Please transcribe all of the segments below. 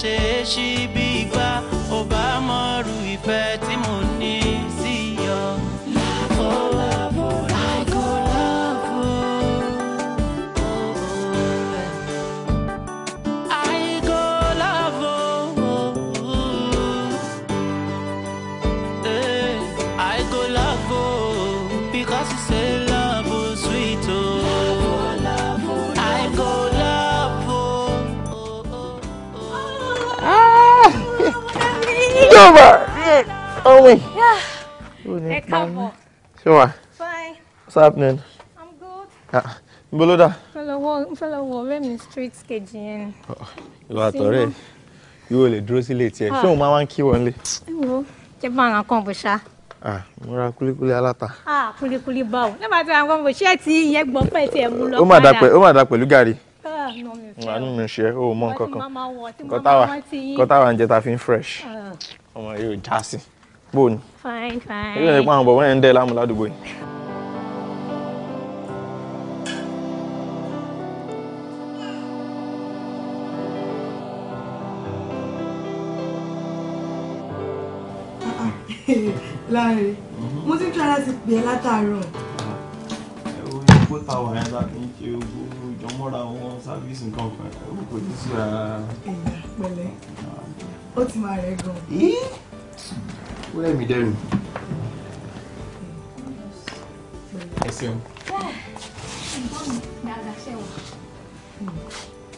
ṣe é ṣí bí gbá ó bá ìfẹ́ tí mo ní. Toma! Omi! Ẹ Come on. wà? Fine. What's happening? I'm good. Yeah. n bolo da. N fẹ́ lọ wọ ọ̀rẹ́ mi street kejì yẹn. Oh, ìwà àtọ̀rẹ́ yóò lè dúró sílé tiẹ̀. Ṣé ah. òun máa wá ń kí wọlé? Ẹ wo, jẹ́ bá àwọn kan Ah, mo kuli kuli alata. Ah, Kuli kuli Nígbà tí àwọn kan bò ṣé ti ìyẹn gbọ́ pẹ̀ tí ẹ mú lọ padà. Ó mà àánú mi ṣe é o mọ nǹkan kan nǹkan táwa ń jẹ ta fi ń fresh ah. ọmọ yóò já sí bó ni ilé ìpá àwọn bọ̀wọ́ ẹ̀ ń dẹ́ láàmú ládùúgbò yìí. láàrin mo ti ń try láti pè é látàárọ̀. ẹ wo ipò táwọn ẹ̀ ń bá fi ń mọ́ra wọn sáfíìsì nǹkan kan ó kò ní sí ara. ẹ̀yà pẹ̀lẹ́ ó ti máa rẹ̀ gan. ó rẹ̀ mí dẹ́nu. ẹ ṣeun.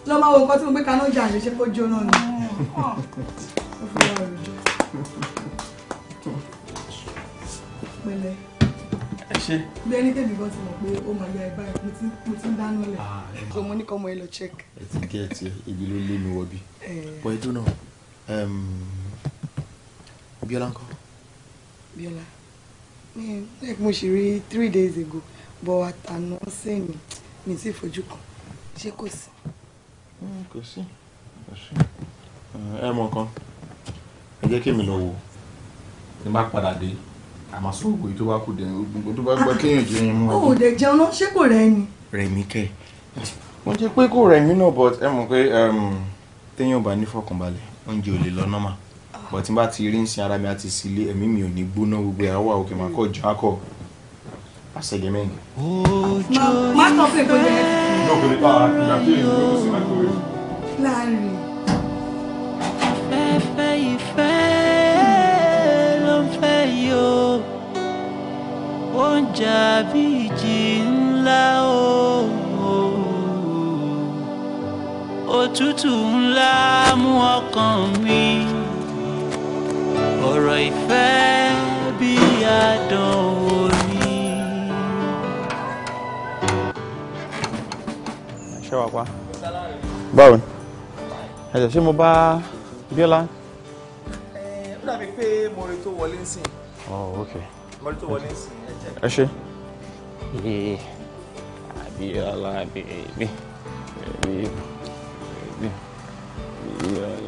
lọ máa wo nǹkan tí mo gbé kaná jà ní ṣe kó jóná ni. ó ṣe. bí ẹni tẹ̀mí gan ti mọ̀ pé ó máa yá ẹ báyìí mo ti ń dáná lẹ̀. Ah, so mo ní kọ́ ọmọ ẹ lọ check. ẹ ti kẹ́ ẹ ti ebi ló lé mi wọbi. bọ́ ẹdún náà Bíọ́lá ńkọ́. Bíọ́lá like mo ṣì rí three days ago but àtànà sẹ́yìn mi ti fojú kan ṣé kò sí. Hmm, kò sí kò sí eh, ẹ mọ kan ẹ jẹ́ kí èmi lọ wò. ní bá padà dé àmọ́ sọ ògùn tó bá kù dẹ̀ gbogbo tó bá gbọ́ kéèyàn jẹ́ yín mú ẹ. o dẹ̀ jẹun náà ṣé kò rẹ̀ ni. rẹ̀ mí kẹ́ mo jẹ́ pé kò rẹ̀ mí náà but ẹ mọ̀ pé um, téèyàn bá ní fọkànbalẹ̀ oúnjẹ ò lè lọ normal but tí n bá ti rí nsìn ara mi àti sílé ẹ̀mí mi ò ní gbóná gbogbo ẹ̀ àwọ̀ òkè máa kọ́ jọ akọ àṣẹjẹ mẹ́rin. má má tọ́ láàrin ó ń ńlá o òtútù ńlá mú ọkàn mi ọ̀rọ̀ ìfẹ́ bí àdán orí. ṣé wàá pa báwo ni ẹ̀jẹ̀ ṣé mo bá Bíọ́lá. ó dàbí pé mo rí tó wọlé ń sìn. oh ok. mo rí tó wọlé ń sìn ẹ ṣe. Abiola baby baby baby Abiola.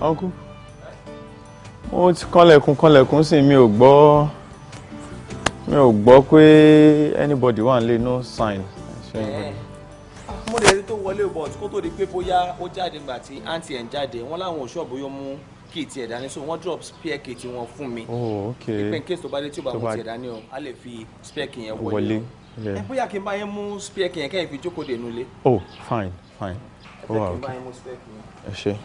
ọkú mo ti kọ́lẹ̀kùn kọ́lẹ̀kùn sí mi ò gbọ́ mi ò gbọ́ pé anybody wà nílé no sign. Eh. mo lè rí tó wọlé bọ̀ kó tó di pé bóyá ó jáde gbà tí àǹtí ẹ̀ ń jáde wọ́n láwọn ò yóò mú kí tiẹ̀ dání so wọ́n drop spare key tí fún mi. oh ok ìpín case tó bá dé tí ó bá mú tiẹ̀ dání o a lè fi spare key yẹn wọlé. ẹ eh, bóyá kí n bá yẹn mú spare key yẹn kẹ́yìn fi jókòó dé nulẹ̀. oh fine fine. ẹ bẹ́ẹ̀ kí n bá yẹn mú spare key yẹn. ẹ ṣe.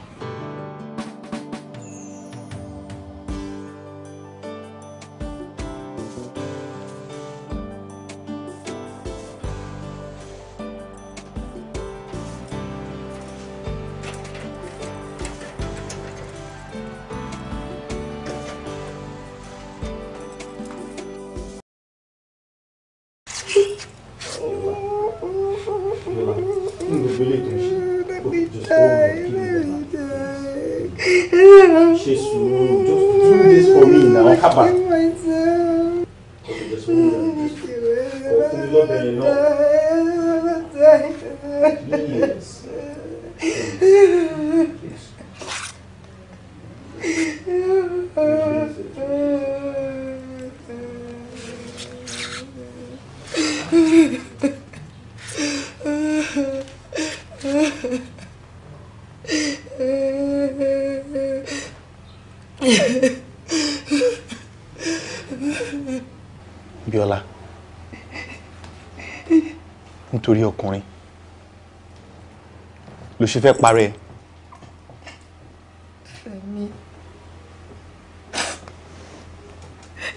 ṣe fẹ́ parẹ́. Fẹ́mi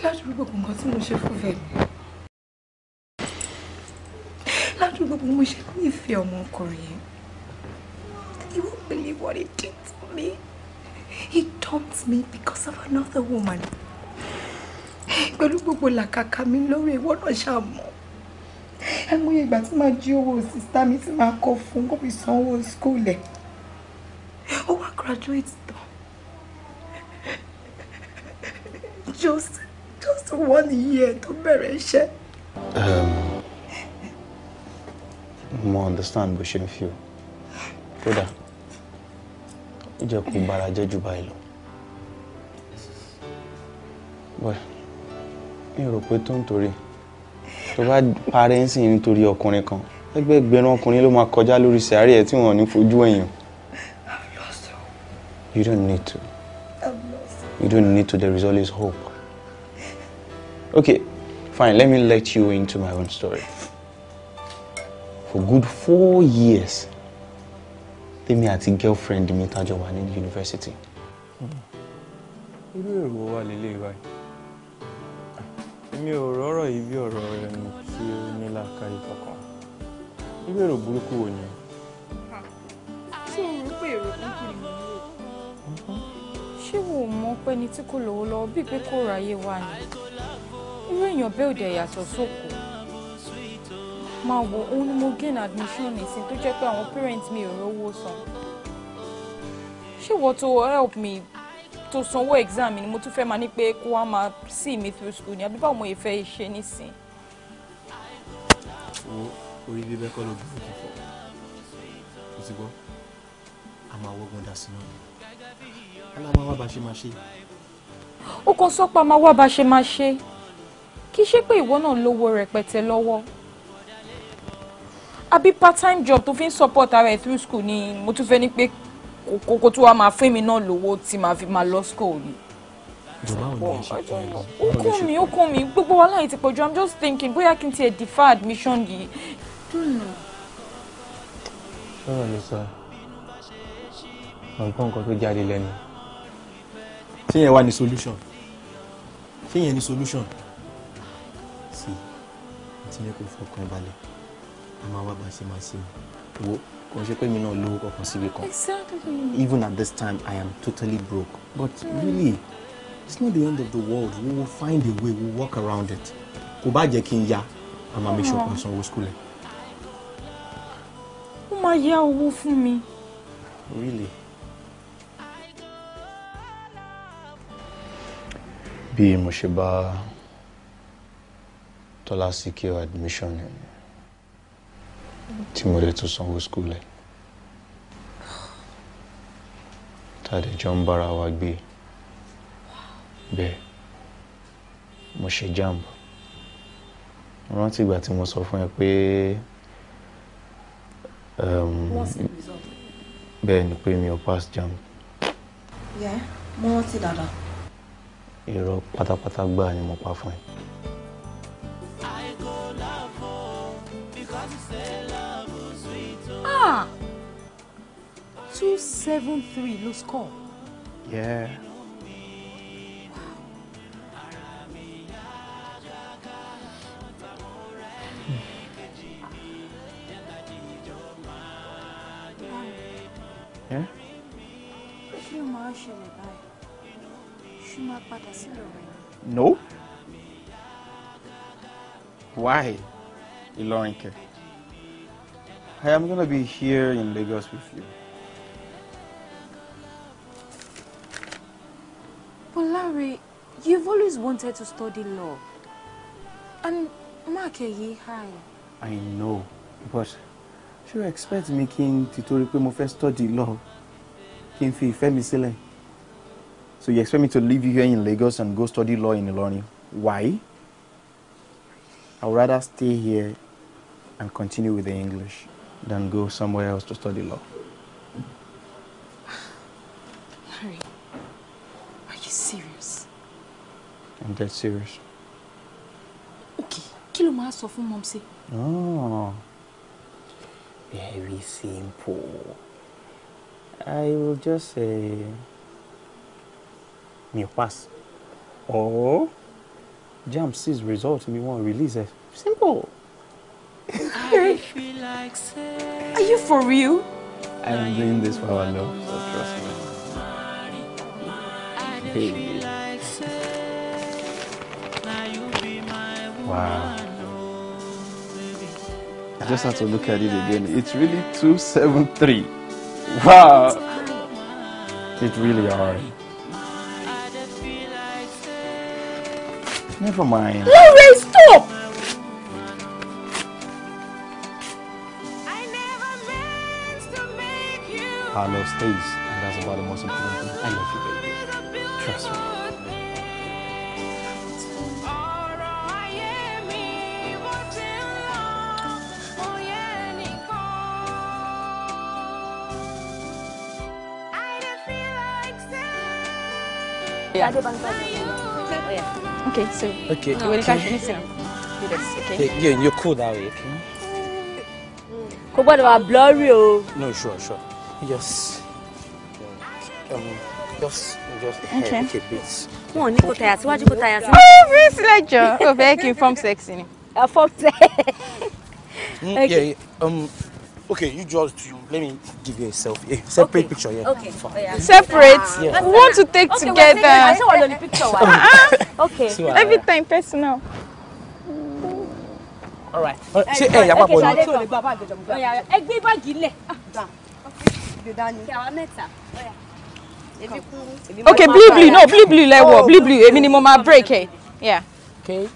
ládùúgbò gbogbo nǹkan tí mo ṣe fún Fẹ́mi ládùúgbò gbogbo mo ṣe nífẹ̀ẹ́ ọmọkùnrin yẹn you won't believe what he did to me he dumped me because of another woman pẹ̀lú gbogbo làkàkà mi lórí ìwọ náà ṣàmọ́ àìmọye ìgbà tí màá jí owó sísá mi tí màá kọ fún kó fi san owó school ẹ̀ ó wá graduate tán just just one year tó bẹ̀rẹ̀ iṣẹ́. Um, mo understand bó ṣe ń fi o kódà ó jẹ́ kó bára jẹ́ jù báyìí lọ. bọ́ẹ̀ mi ò rò pé tó ń torí tó bá parẹ́ ń sìn nítorí ọkùnrin kan ẹgbẹ́ ẹgbẹ̀rún ọkùnrin ló máa kọjá lórí sàárì ẹ̀ tí wọ́n ní fojú ẹ̀yàn. You don't need to. You don't need to. There is always hope. Okay, fine. Let me let you into my own story. For good four years, Tèmi àti girlfriend mi tá jọ wà ní university. Hmm. Irú èrò wa lélẹ́yìí báyìí èmi ò rọ́rọ̀ yìí bí ọ̀rọ̀ ẹni tí ó ní làákàyè kankan irú èrò burúkú wo ni. ṣé o rò pé èrò burúkú ni mo ní o. ṣé wo mọ̀ pé ẹni tí kò lówó lọ́wọ́ bíi pé kò ráyè wá ni irú èèyàn bẹ́ẹ̀ ò dẹ̀ sóko máa wo òun ni mo gain admission nísìn tó jẹ́ pé àwọn parents mi ò rówó san ṣé wọ́n tó help me tó sanwó exam mi ni mo tún fẹ́ máa ní pé kó wá máa see me through school ni àbí báwo mo yẹ fẹ́ ṣe nísìn. orí bíbẹ́ kọ́ ló burú púpọ̀ o ti gbọ́ a máa wọ́gbọ́n dà sí náà aláwọ̀ wá bá ṣe máa ṣe. ó kàn sọ pé a máa wá bá ṣe máa ṣe kì í ṣe pé ìwọ náà lówó rẹpẹtẹ lọ́wọ́ àbí part time job tó fi ń support ara ẹ̀ through school ni mo tún fẹ́ ní pé kókó tó wá máa fún mi náà lówó tí màá fi máa lọ school ni. ó kún mi ó kún mi gbogbo wàhálà yìí ti pọ̀jù i'm just thinking bóyá kí n tiẹ̀ defer admission yìí. sọ̀rọ̀ ló sọ ọ̀gbọ́n nǹkan tó jáde lẹ́nu. ṣé yẹn ní solution ṣé yẹn ní solution sí àti yẹn kò fọkàn balẹ̀ a máa wá bá a ṣe máa ṣe wo kò ṣe pé mi náà lówó kankan síbi kan even at this time I am totally broke but mm. really it's not the end of the world we will find a way we will work around it kò bá jẹ́ kí n ya a máa make sure kan sanwó school ó máa yá owó fún mi. really. bí mo ṣe bá tọ́lá sí kí o admission ni tí mo lè tún sanwó school tàdé jọ ń bára wa gbé bẹ́ẹ̀ mo ṣe jamb rántí ìgbà tí mo sọ fún ẹ pé um, bẹ́ẹ̀ ni pé mi ò pass jamb. yeah mo rántí dáadáa. irọ́ pátápátá gbáà ni mo pa fún ẹ. ah two seven three ló score. Yeah. Hmm. No. Why, Ilorinke? I am gonna be here in Lagos with you. But Larry, you've always wanted to study law. And Mark Eyi, eh, hi. I know, but you expect me, kí to ti torí pé mo study law kí n fi ìfẹ́ So you expect me to leave you here in Lagos and go study law in Ilorin? Why? I'd rather stay here and continue with the English than go somewhere else to study law. I'm dead serious. Okay, kill my máa sọ fún mọ́mísí? Oh, very simple. I will just say eh, me pass Oh, JAMB6 result Me want release it. simple. Are you for real? I am doing this for our love, so trust me. Hey. Wow. I just have to look at it again. It's really 273. Wow. It really are. Never mind. Lauren, stop! I love stays, and that's about the most important thing. I love you, baby. Trust me. Adébánkà. Okay, so okay. you will catch me soon. okay? Yeah, you're, cool that way, okay? Kò gbọ́dọ̀ wà blurry o. No, sure, sure. Just, um, just, just okay. okay, bits. Wọ́n ní kò tàyà síwájú kò tàyà síwájú. Ó fi sílẹ̀ jọ, ó fẹ́ kí n um. Okay, you just you, let me give you a selfie. A separate okay. picture, yeah. Okay. Oh, yeah. Separate. Yeah. We want to take okay, together. I saw one on the picture. Uh-huh. okay. So, uh, Everything personal. All right. Uh, Ṣé ẹ yàgbá bọ̀ Okay, oh, ah, oh, blue blue no blue blue lẹ wọ̀ oh. blue blue a minimum mo break ẹ̀. Yeah. Okay.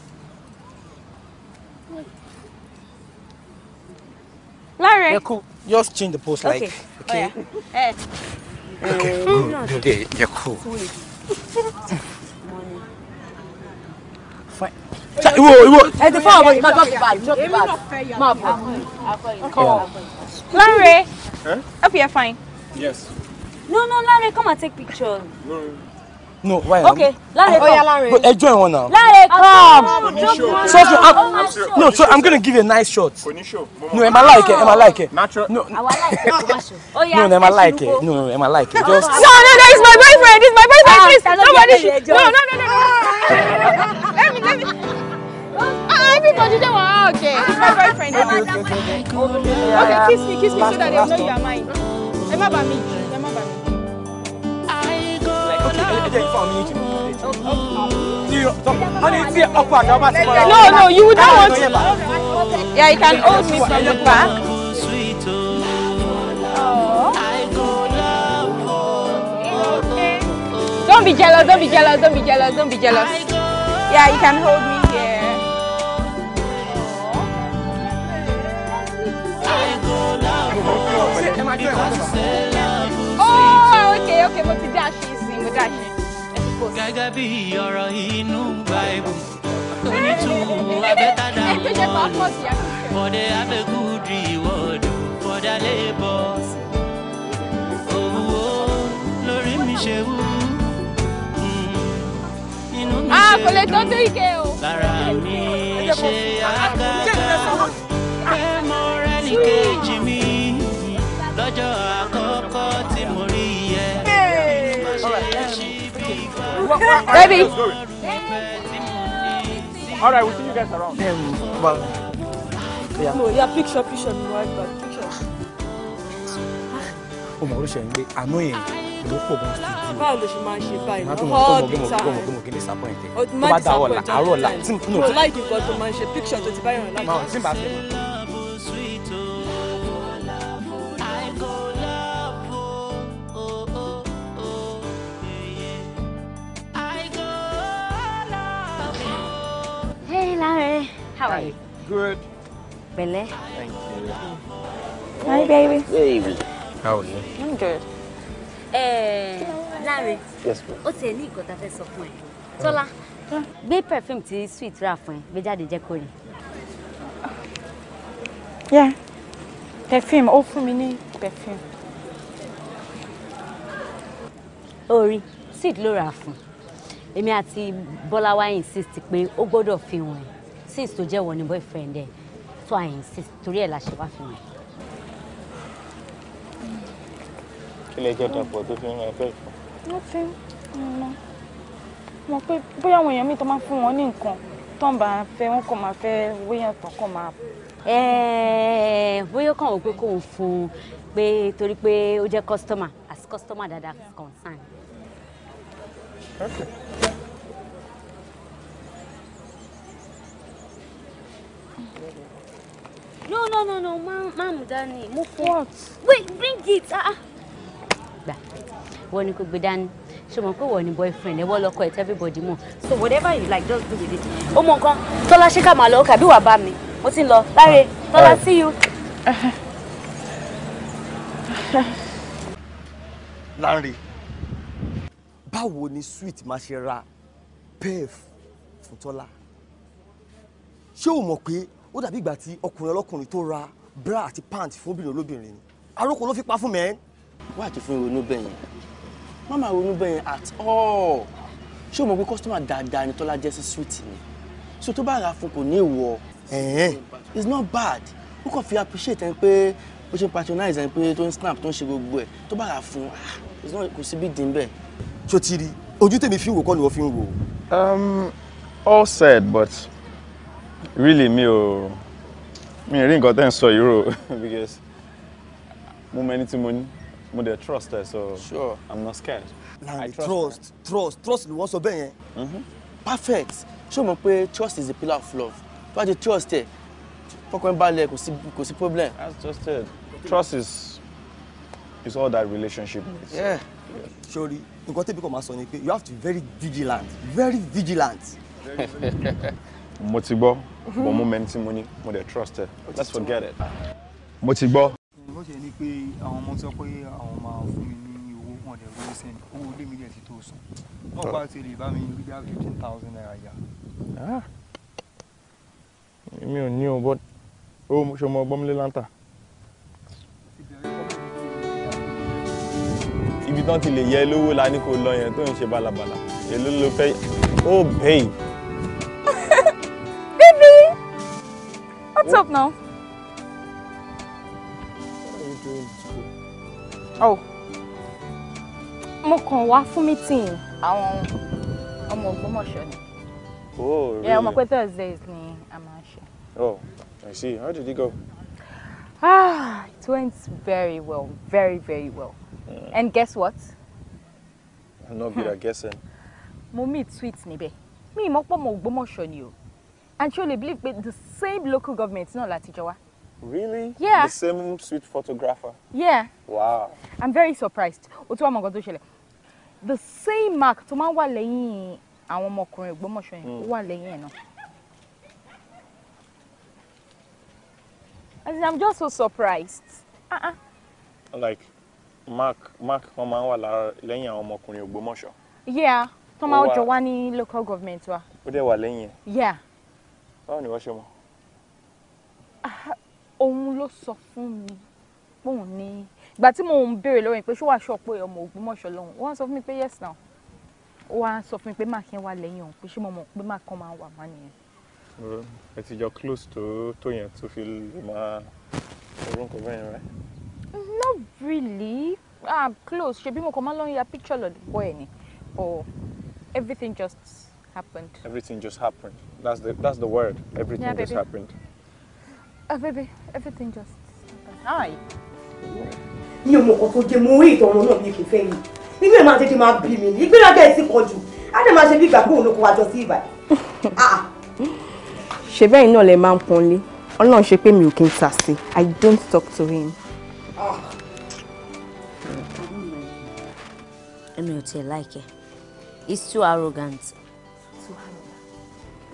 Larry. Yeah, cool. Just change the post, like. Okay. Oh, yeah. Hey. okay. Good. Good. Yeah, yeah, cool. Fine. Iwo, iwo. Ẹ ti fọ́ ọmọ yìí, má bá fi bá yìí, má bá Come. má bọ̀. Kọ́. Larry, hope fine. Yes. No, no, Larry, come and take picture. No. No, why? Okay, Larry, oh, yeah, Larry. But enjoy one now. Larry, come. So, so I'm, no, so I'm gonna give you a nice shot. No, am I like it? Am I ah. like it? Natural. No, I like it. Oh yeah. No, am I like it? No, am I like it? Just. No, no, no, it's my boyfriend. It's my boyfriend. Ah, please, no. No, No, no, no, no. no. Let me, let me. Everybody, they were okay. It's ah, my boyfriend. Okay, kiss me, kiss me, so that they know you are mine. Emma, by me. No, no, you would not want to. Yeah, you can hold me from the back. Oh. Don't be jealous, don't be jealous, don't be jealous, don't be jealous. Yeah, you can hold me here. Oh, okay, okay, but the dash is gẹ́gẹ́ bí ọ̀rọ̀ inú Bible onítùú abẹ́tàdà wọ́ọ̀lù for the abẹ́gùd reward for the lórí mi ṣe wú hmm, inú mi ah, ṣe dùn lára mi ṣe yá. Baby. All right, we'll see you guys around. Um, well, yeah. No, yeah, picture, picture, me right back, picture. Oh my gosh, I'm annoying. ló pọ̀ gan studio. báwo ló ṣe máa ń ṣe báyìí náà all the time. gbọ́mọ̀ gbọ́mọ̀ kí ni disappointed. o ti máa disappointed all the time. o like nǹkan tó máa ń ṣe picture tó ti báyọ̀ láti. How are you? Good. Really? Thank you. Hi, baby. Baby. How are you? I'm good. Eh, Larry. Yes, ma'am. Ó tiẹ̀ ní nǹkan tá a fẹ́ sọ fún ẹ. Tọ́lá, gbé perfume tí sweet rà fún ẹ, gbé jáde jẹ́ kó Yeah. Perfume, ó fún mi ní perfume. Orí, sweet ló rà fún. Èmi àti Bọ́lá wá insist pé ó gbọ́dọ̀ fi wọ̀nyí sis tó jẹ́ wọ ni boyfriend ẹ̀ so I insist torí ẹ̀ la ṣe wá fi hàn. kí lẹjọ dàpọ̀ tó fi ràn ẹ fẹ́ fún. wọ́n ti mọ̀ pé bóyá àwọn èèyàn mi tó máa ń fún wọn ní nǹkan tó ń bá a fẹ́ wọn kò máa fẹ́ wéyàn tó kò máa. bóyá kàn ó pé kò ń fún un pé torí pé ó jẹ́ customer as customer dada concern. Okay. No, no, no, no, ma'am, ma'am, Danny, move fọ. What? Wait, bring it. Ah, ah. Gba. Wọ́n ní kò gbé dání. Ṣé mo pé wọ́n ní boyfriend ẹ̀ wọ́n lọ́kọ ẹ̀ everybody more. So whatever you like, just do with it. Oh, mọ nǹkan. Tọ́lá ṣé ká máa lọ I do bá mi. Mo ti ń lọ. Láre, Tọ́lá see you. Lanre, báwo ni sweet máa Pave, ra pef fún Tọ́lá? ó dàbí ìgbà tí ọkùnrin ọlọ́kùnrin tó ra bra àti pant fún obìnrin olóbìnrin ni àròkọ ló fi pa fún mẹ́ẹ́. wá àti fún ronú bẹ́yẹn má máa ronú bẹ́yẹn at all ṣé o mọ̀ pé kọ́sítọ́mà dáadáa ni tọ́lá jẹ́ sí sweet ni so tó bá ra fún kò ní ìwọ it's not bad ó kàn fi appreciate ẹni pé ó ṣe patronize ẹni pé tó ń snap tó ń ṣe gbogbo ẹ̀ tó bá ra fún ah, it's not kò sí bí dín bẹ́ẹ̀. ṣó ti rí ojú tèmi fi wò kọ́ ni wọ́n fi ń wò. Um, all said but really me ò me rí nǹkan tẹ́ ń sọ yìí rò because mo mọ ẹni tí mo ní mo dey trust her so sure. i'm not scared. na trust trust trust trust ni wọ́n sọ bẹ́ẹ̀ yẹn mm-hmm. perfect ṣé o mọ̀ pé trust is the pillar of love tó bá trust ẹ̀ fọkàn balẹ̀ kò sí kò sí problem. that's just it trust is is all that relationship Yeah. Yeah. sori nǹkan tẹ́bi kan máa sọ ni pé you have to be very vigilant very vigilant. mo ti gbọ́ but mhm. mo mẹ́ni mo ní mo dẹ̀ trust ẹ let's forget it. mo ti gbọ́. bó ṣe ní pé àwọn ọmọ sọ pé àwọn máa fún mi ní owó wọn dẹ̀ owó sẹ́ni owó ilé mi dẹ̀ ti tó sùn wọ́n gbà tí lè bá mi rí bí i fifteen thousand naira yá. Ah. mi ò ní o bọ́ owó ṣe mo gbọ́n mi lé ibi tán ti lè yẹ lówó la ní kó lọ yẹn tó ń ṣe bálabàla èló ló fẹ́ ó oh, bẹ́ẹ̀. What's up now? What are you doing in school? Oh. Mo kàn wá fún meeting àwọn ọmọ promotion. Oh, really? Yeah, ọmọ pé Thursdays ni a máa ń ṣe. Oh, I see. How did it go? Ah, it went very well, very, very well. Mm. And guess what? I'm not good hmm. at guessing. Mo meet sweet níbẹ̀. Mi ìmọ̀pọ̀ ọmọ Ògbómọ̀ṣọ́ ni o and truly believe pé the same local government náà láti jọ Really? Yeah. The same sweet photographer? Yeah. Wow. I'm very surprised. O tún wá The same mark tó máa ń wà lẹ́yìn àwọn ọmọkùnrin Ògbómọ̀ṣọ́ yẹn ó wà lẹ́yìn I'm just so surprised. Uh-uh. Like, mark mark kan máa ń wà lára lẹ́yìn àwọn ọmọkùnrin Ògbómọ̀ṣọ́. Yeah, tó máa local government wa. Ó dẹ̀ wà Yeah báwo ni wọ́n ṣe mọ̀. òun ló sọ fún mi póun ní ìgbà tí mò ń béèrè lọ́wọ́ yìí pé ṣó wàá sọ pé ọmọ Ògbómọ̀ṣọ́ lọ́hùn wọ́n sọ fún mi pé yes now wọ́n sọ fún mi pé máa kí n wà lẹ́yìn òun pé ṣé mo mọ̀ pé máa kàn máa wà má nìyẹn. ẹ ti jọ close tó tó yẹn tó fi lè máa orúkọ bẹ́ẹ̀ rẹ. not really ah close ṣebí mo kàn máa lọ ya picture lọ́dọ̀ bọ́ ẹ̀ ni but everything just happened. Everything just happened. That's the that's the word. Everything yeah, just happened. Ah, oh, baby, everything just happened. Hi. You ò mọ̀ nǹkan tó jẹ́ mo rí ìtọ̀run náà ní ìfẹ́ yìí. Inú ẹ̀ to tètè máa bì mí ní. Ìgbéraga ẹ̀ sì pọ̀ jù. Á dẹ̀ máa ṣe bí ìgbà kóun ló kó wa jọ sí ìbà. Ah. Ṣé bẹ́ẹ̀ náà lẹ máa ń pọnlé? Ọlọ́run ṣe pé mi ò kí I don't talk to him. Ah. Èmi ò tiẹ̀ He's too arrogant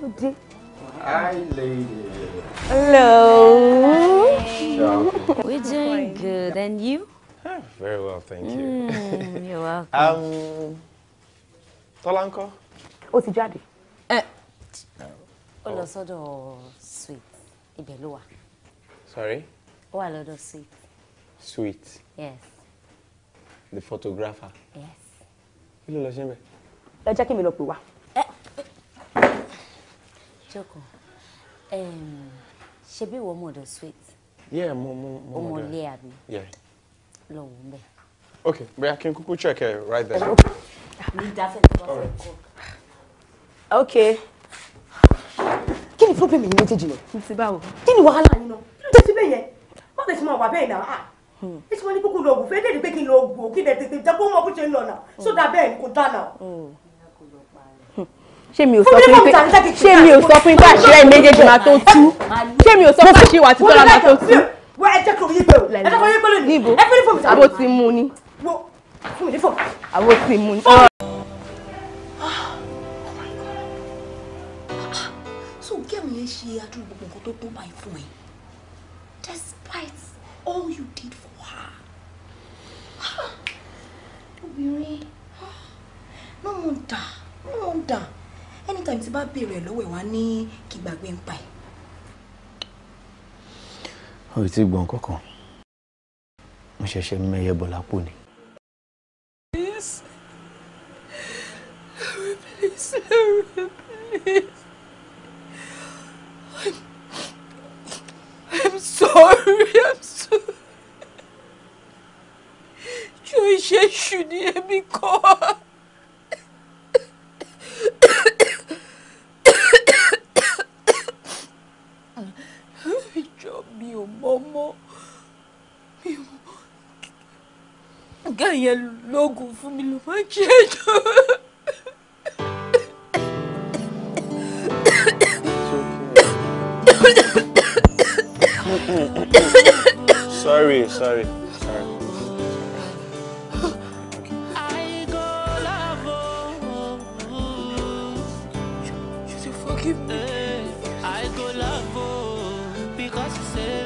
ló dé. Hi, lady. Hello. Hi. We're doing good, and you? Very well, thank you. Mm, you're welcome. Um, Tọ́lá ńkọ́? Ó ti jáde. Eh, ó lọ oh. sọ́dọ̀ sweet. Ibẹ̀ ló wà. Sorry? Ó wà lọ́dọ̀ sweet. Sweet? Yes. The photographer? Yes. Kí ló lọ ṣe ń bẹ̀? Ẹ jẹ́ kí mi lọ pè wá jókòó ṣebí ìwọ mọ̀dọ̀ sweet. yeah mo mo mo mọ̀dọ̀ ọmọlé àbí. lọ wò ń bẹ. okay bóyá kí kúkú check ẹ right there. mi dáfẹ́ tó bá fẹ́ kọ́. okay. kí ni problem yìí méjèèjì lọ. mo ti báwo. kí ni wàhálà yín náà kí ló dé síbẹ̀ yẹn má bẹ̀ sí máa wà bẹ́ẹ̀ náà bí tí wọ́n ní kókó lo oògùn fẹ́ẹ́ dẹ̀ ní pé kí n lo oògùn kí n dẹ̀ tètè jẹ́ kó mọ bó ṣe ń lọ náà hmm. sódà bẹ́ẹ̀ ni kò dá náà. Hmm ṣé mi ò sọ fún pé ṣé mi ò sọ fún pé àṣírí méjèèjì máa tó tú ṣé mi ò sọ fún àṣírí wà tí tọ́lá máa tó tú. wọ́n ẹ jẹ́ kí omi yí pé o ẹ jẹ́ kí omi yí pé lónìí níbo àbó ti mú ni àbó ti mú ni. so gẹ́mi yẹn ṣe adúrú gbogbo nǹkan tó tó báyìí fún ẹ despite all you did for her. obìnrin no wonder no wonder anytime tí bá béèrè ẹ̀ lọ́wọ́ ẹ̀ wá ní kí gbàgbé ń pa ẹ̀. o ì tí ì gbọ́n kankan mo ṣẹ̀ṣẹ̀ mẹ́yẹ bọ̀ ni. Please, please, I'm sorry, I'm sorry. Joy, she should hear me ọmọ mi ò gá yẹn lóògùn fún mi ló máa ń ṣe ètò. sorry, sorry, eh, I go love because you said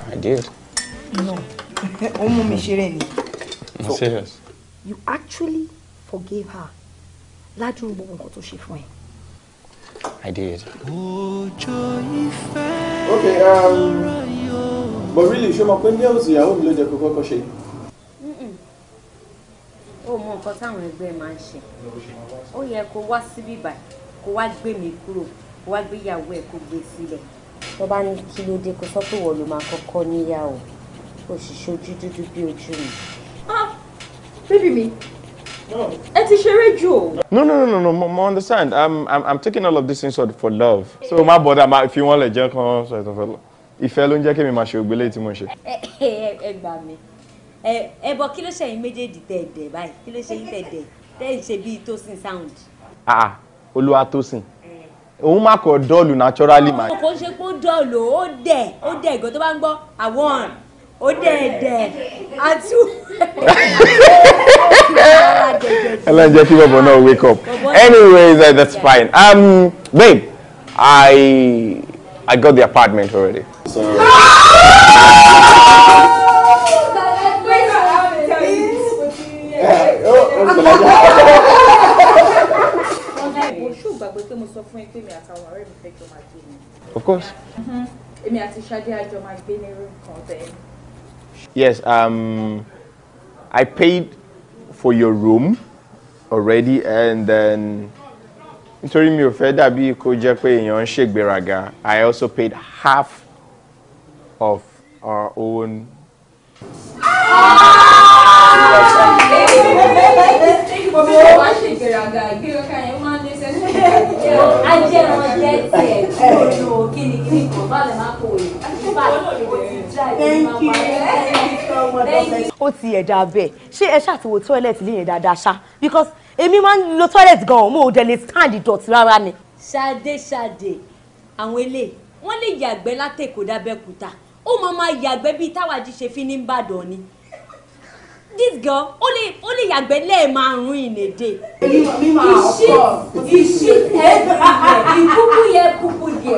I did. No. I'm serious. You actually forgave her. Ládùúrú gbogbo nǹkan to ṣe fún ẹ. I did. Okay, um, but really, ṣé o mọ̀ pé nails ìyàwó mi ló jẹ́ kó kọ́kọ́ ṣe? Ó mọ nǹkan táwọn ẹgbẹ́ máa ń ṣe. Ó yẹ kó wá síbí báyìí, kó wá gbé mi kúrò, kó wá gbé ìyàwó ẹ̀ kó gbé e sílẹ̀ tó bá ní kí ló dé kó sọ pé ló máa kọ́kọ́ níyàwó ó sì ṣojú dúdú bí ojú mi. ah mi ẹ ti ṣeré jù o. no no no no no mo understand i'm i'm i'm taking all of this things for love so my brother, máa fi wọ́n lẹ̀ jẹ́ kan sọ ìtàn fẹ́ ìfẹ́ ló ń jẹ́ kí mi máa ṣe ògbélé tí mo ń ṣe. ẹ gbà mí ẹ bọ kí ló ṣe yín méjèèjì tẹ̀ẹ̀dẹ̀ báyìí kí ló ṣe yín tẹ̀ẹ̀dẹ̀ tẹ̀ ń ṣe bíi tosin sound. ah, ah. olúwa tosin òun má kọ dọ́ọ̀lù naturally ma. kò ṣe kó dọ́ọ̀lù ó dẹ̀ ó dẹ̀ ìgò tó bá ń gbọ́ àwọn ó dẹ̀ dẹ̀ àtú. ẹlẹ́n jẹ́ kí bọ̀bọ̀ náà wake up anyways uh, that's fine um, babe I I got the apartment already. Sorry of course. Mm-hmm. èmi àti yes um, I paid for your room already and then nítorí mi ò fẹ́ dàbí kó jẹ́ pé èèyàn ń ṣègbéraga I also paid half of our own. Ah! ajé wọn jẹ́ tiẹ̀ lójú kíni kíni kò bá lè má kó o yìí bá o ti já ìdí bẹ́ẹ̀ ṣé ẹ ṣàtiwò tọ́ẹ̀lẹ̀tì lè yẹn dáadáa ṣá because èmi máa ń lo tọ́ẹ̀lẹ̀tì gan-an mo ò dẹ̀ lè stand ìdọ̀tí rárá ni. ṣadé ṣadé àwọn eléyìí wọ́n lè yàgbẹ́ látẹ̀kọ́ dábẹ́kúta ó máa máa yàgbẹ́ bíi táwa jí ṣe fi ní Ìbàdàn ni this girl only only ó lè yàgbẹ́ lẹ́ẹ̀márùn in a day. ìṣí ìṣí ẹgbẹ́ ìkúkú yẹ kúkú yẹ.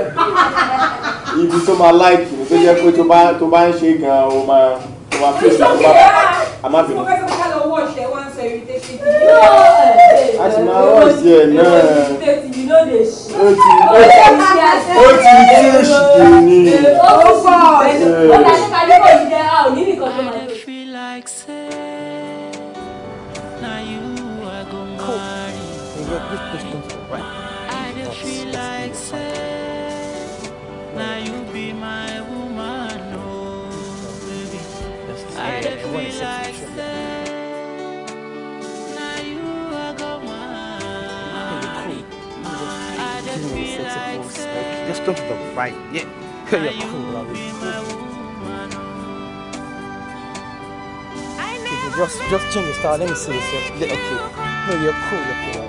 ibi tó máa láìkì tó jẹ́ pé tó bá tó bá ń ṣe gan-an ó máa ó máa fi ìṣòro bá a máa bẹ̀rẹ̀. ọ̀pẹ̀ tó ká lọ wọ́ ọ̀ṣẹ́ wá ń sọ irritation. a sì máa rọ̀ sí ẹ̀ náà. ó ti ó ti tí ó sì dì ní. ó pọ̀ ẹ̀ ló ń bá a lè parí kò ní jẹ́ a ò ní nìkan tó máa like say, now you are going I just feel like say, now you be my woman, baby. I just feel like say. Just don't the right, yeah. You're cool, just just change the style. Let me see this. Yeah, okay. No, you're cool. You're cool.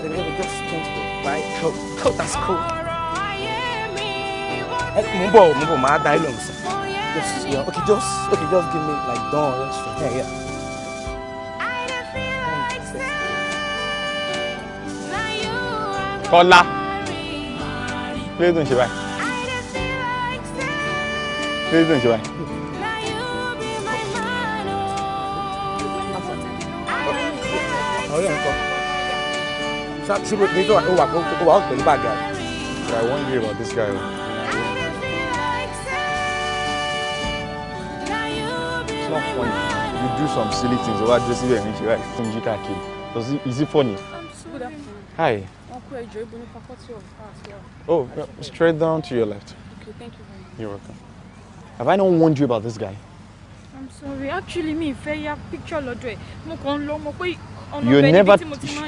Let me just change the right coat. Coat, that's cool. Move on, move on. My dialogues. Just yeah. Okay, just okay. Just give me like dawn. Yeah, yeah. Kọ́lá kí ló dùn ṣe báyìí kí ló ṣáṣúrò ní tó wà tó wà ó pè ní bàgà. I won't hear about this guy. It's not funny. You do some silly things over Jesse and Nichi, right? Tunji Kaki. Does it, is it funny? Good Hi. Ah, oh, straight down to your left. Okay, thank you very much. You're welcome. Have I not warned you about this guy? I'm sorry. Actually, me, if picture, Lodre, no, I'm not you never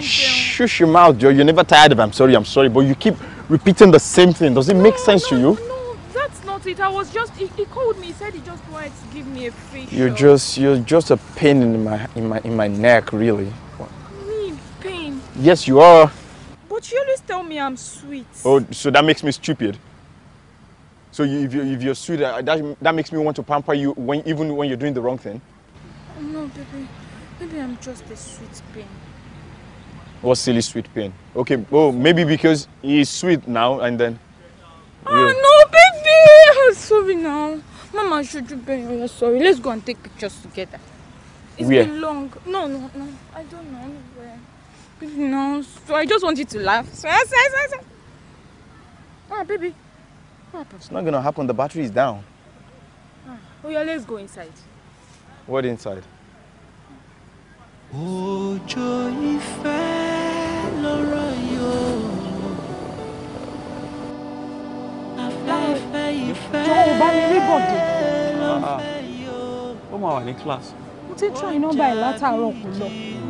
shush your mouth, Joe. You're never tired of I'm sorry, I'm sorry, but you keep repeating the same thing. Does it no, make sense no, to you? No, that's not it. I was just he, he called me, he said he just wanted to give me a free You're just you're just a pain in my in my in my neck, really. Me pain. Yes, you are. But you always tell me I'm sweet. Oh, so that makes me stupid. So you, if you if you're sweet, uh, that that makes me want to pamper you when even when you're doing the wrong thing. No, baby. Maybe I'm just a sweet pain. What silly sweet pain? Okay, oh, maybe because he's sweet now and then. Oh, ah, yeah. no, baby! I'm sorry now. Mama, should you be you're sorry? Let's go and take pictures together. It's Where? been long. No, no, no. I don't know where. No, so I just want you to laugh. So, yes, yes, yes, yes. Ah, baby. What ah, happened? It's not gonna happen. The battery is down. Ah, oh, yeah, let's go inside. What inside? òjò ìfẹ́ lọ́rọ̀ yóò afẹ́fẹ́ ìfẹ́ lọ́fẹ́ yóò. ó máa wà ní class. mo try nọ́mbà ẹ̀ látàárọ̀ kù lọ.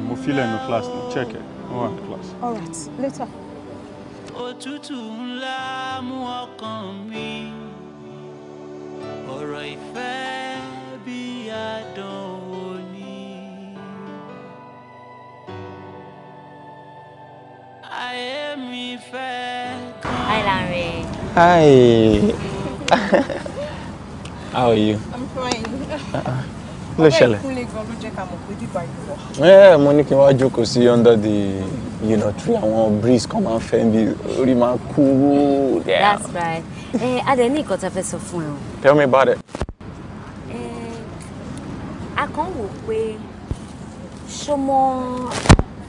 mo fi lẹ́nu class ní check it. ó wà ní class. all right later. òtútù ńlá mú ọkàn mi ọ̀rọ̀ ìfẹ́ bí adùn. Hi, Larry. Hi. How are you? I'm fine. Uh-uh. Ló ṣẹlẹ̀. Ẹ mo ní kí n wá jókòó sí under the you know tree àwọn breeze kan máa ń fẹ́ bí orí máa That's right. Eh, are ní nǹkan tá a fẹ́ sọ fún Tell me about it. Eh, I can't wait. pé ṣó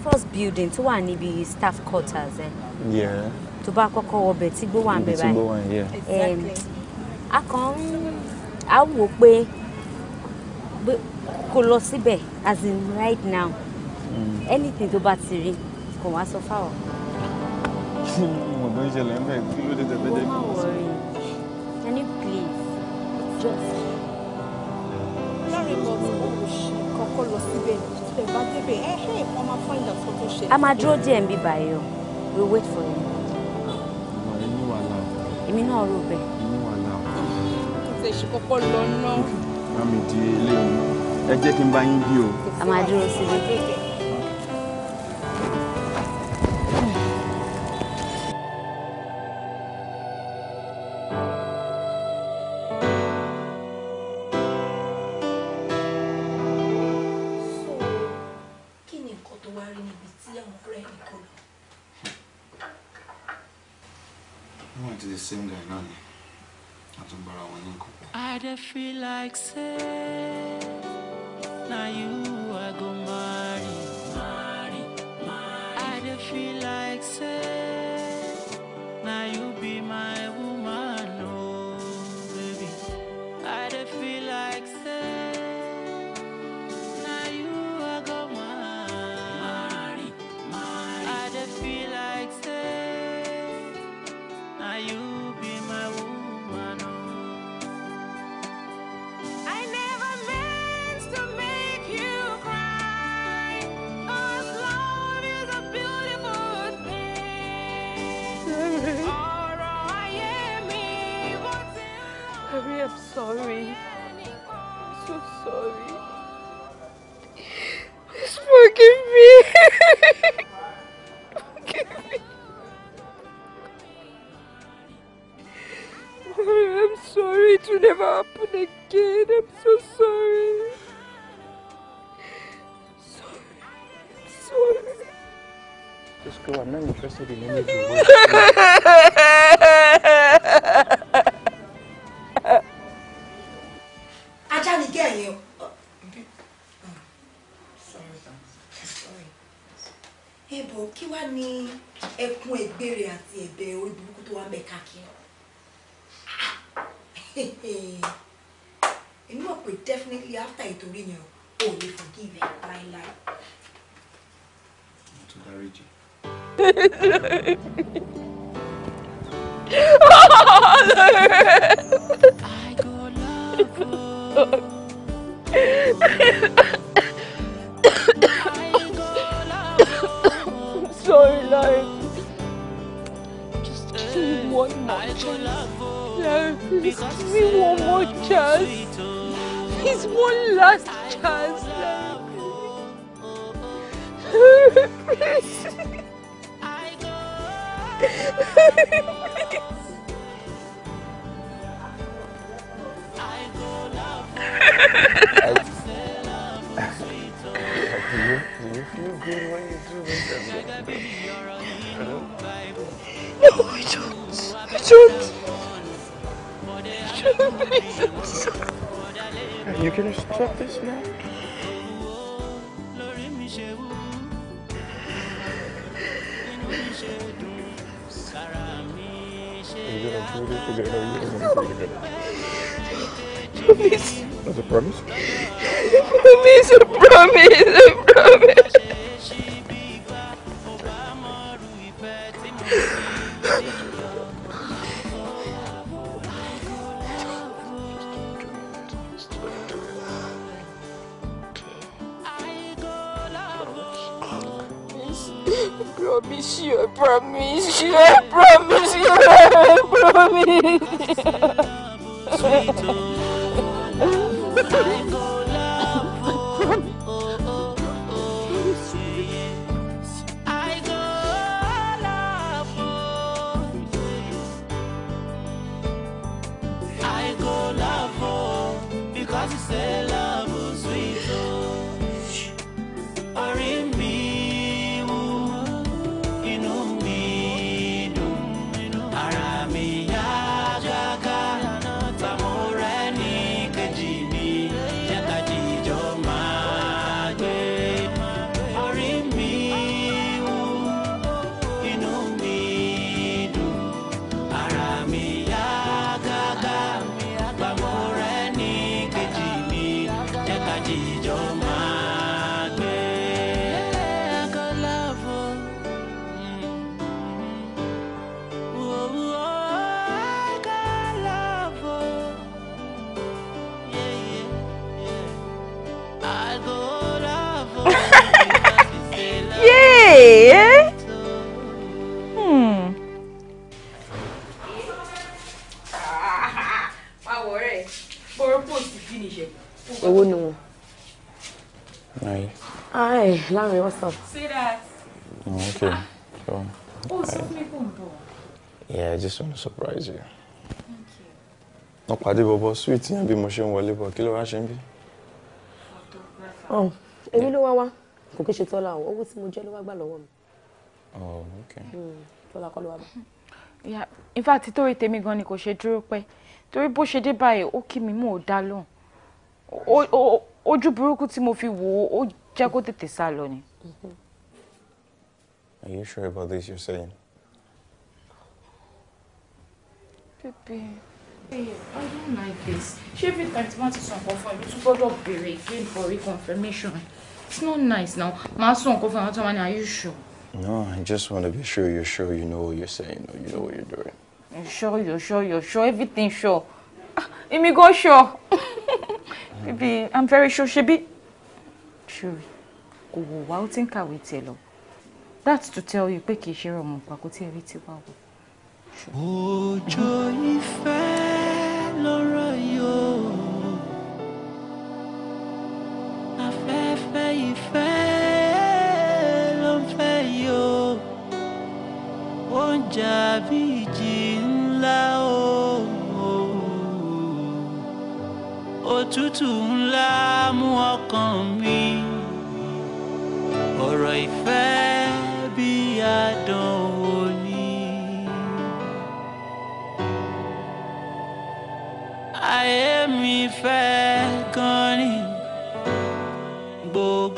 first building tó wà níbi staff quarters Yeah. ẹ tó bá kọ́kọ́ wọbẹ̀ tí gbó wà ń bẹ̀ báyìí a kàn ń a wò pé kò lọ síbẹ̀ as in right now mm. anything to bá ti rí kò wá sọ fáwọn. mo bẹ ìṣẹ̀lẹ̀ ń bẹ kí ló dé tẹfẹ dé. can you please just. lọ́rìn kan tí mo kò ṣe kọ́kọ́ lọ síbẹ̀ yìí. I'm bá débẹ̀ ẹ ṣe ìpọ́n máa fún ìdàtí tó ṣe. a máa dúró díẹ̀ ń bí báyìí o we wait for you. ẹni wà láà. èmi náà rò bẹ́ẹ̀. ẹni wà láà. kò tẹ̀ ṣe kọ́kọ́ lọ náà. bá mi di eléyìí ẹ jẹ́ kí n bá yín bí o. a máa dúró síbi. dey feel like say "Now you are go marry. marry, marry. I dey feel like say. sorry. I'm so sorry. Please forgive me. forgive me. I'm sorry. It will never happen again. I'm so sorry. I'm sorry. I'm sorry. Just go. I'm not interested in anything. fún ẹgbẹ́rẹ́ àti ẹ̀bẹ̀ orí burúkú tó wà ń káàkiri èmi mọ̀ pé definitely after ìtorí yẹn o lè forgive ẹ̀ láéláé. mo tún dárí jì. Sorry, life. One more chance? No, give me one more chance. It's one last chance. Please. I, do, you, do you feel good when you do this? selfish now. Promise. That's a promise? promise, a promise. Larry, what's up? See oh, okay. Sure. Oh, so many bumbo. Yeah, I just want to surprise you. Thank you. No pàdé bọ̀bọ̀ sweet yẹn bí mo ṣe ń wọlé bọ̀ kí ló wá ṣe ń bí. Oh, èmi ló wá wá. Kò kí ṣe Tọ́lá o, owó tí mo jẹ́ ló wá gbà lọ́wọ́ mi. Oh, okay. Hmm, Tọ́lá kọ́ ló wá bá. Yeah, in fact, torí tèmi gan ni kò ṣe dúró pẹ́. Torí bó ṣe dé báyìí, ó kí mi mú ò dá lóhùn. Ojú burúkú tí mo fi wò ó jẹ́ tètè sá lọ ni. Are you sure about this you're saying? Baby, babe, I don't like this. Ṣé every time tí wọ́n ti sọ nǹkan fún ẹ, ló tún gbọ́dọ̀ béèrè again for reconfirmation? It's not nice now. Màá sọ nǹkan fún ẹ, wọ́n tún wá ní are you sure? No, I just want to be sure you're sure you know what you're saying or you know what you're doing. You're sure, you're sure, you're sure, everything sure. Emi ah, go sure. Baby, I'm very sure, Ṣebí ṣúrì kò wò wá ó ti ń kàwé tiẹ̀ lọ that's to tell you pé kì í ṣe rẹ̀ ọmọ kó tí ẹ̀rí ti wá wò. òjò ìfẹ́ lọ́rọ̀ yóò afẹ́fẹ́ ìfẹ́ ló ń fẹ́ yóò ó ń ìjì ńlá o òtútù ńlá mú ọkàn mi ọ̀rọ̀ ìfẹ́ bí àdánwò ni. ayé mi fẹ́ gan ni gbogbo.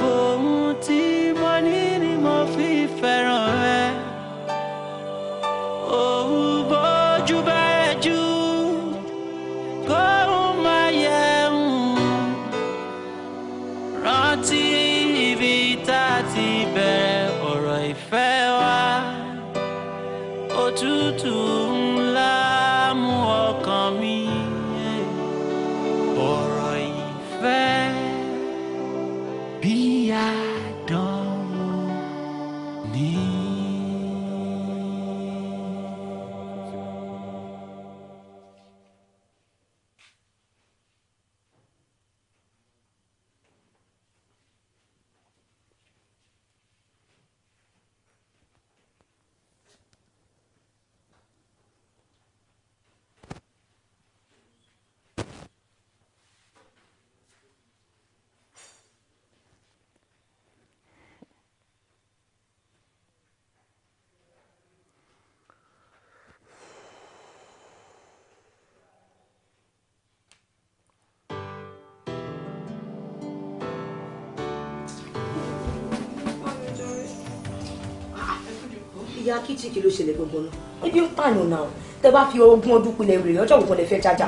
méjì kí ló ṣẹlẹ̀ gbogbo náà ibi ó pààyàn náà tẹ bá fi ogún ọdún pinnu ẹrù rẹ ọjọ́ ògùn lè fẹ́ jájà.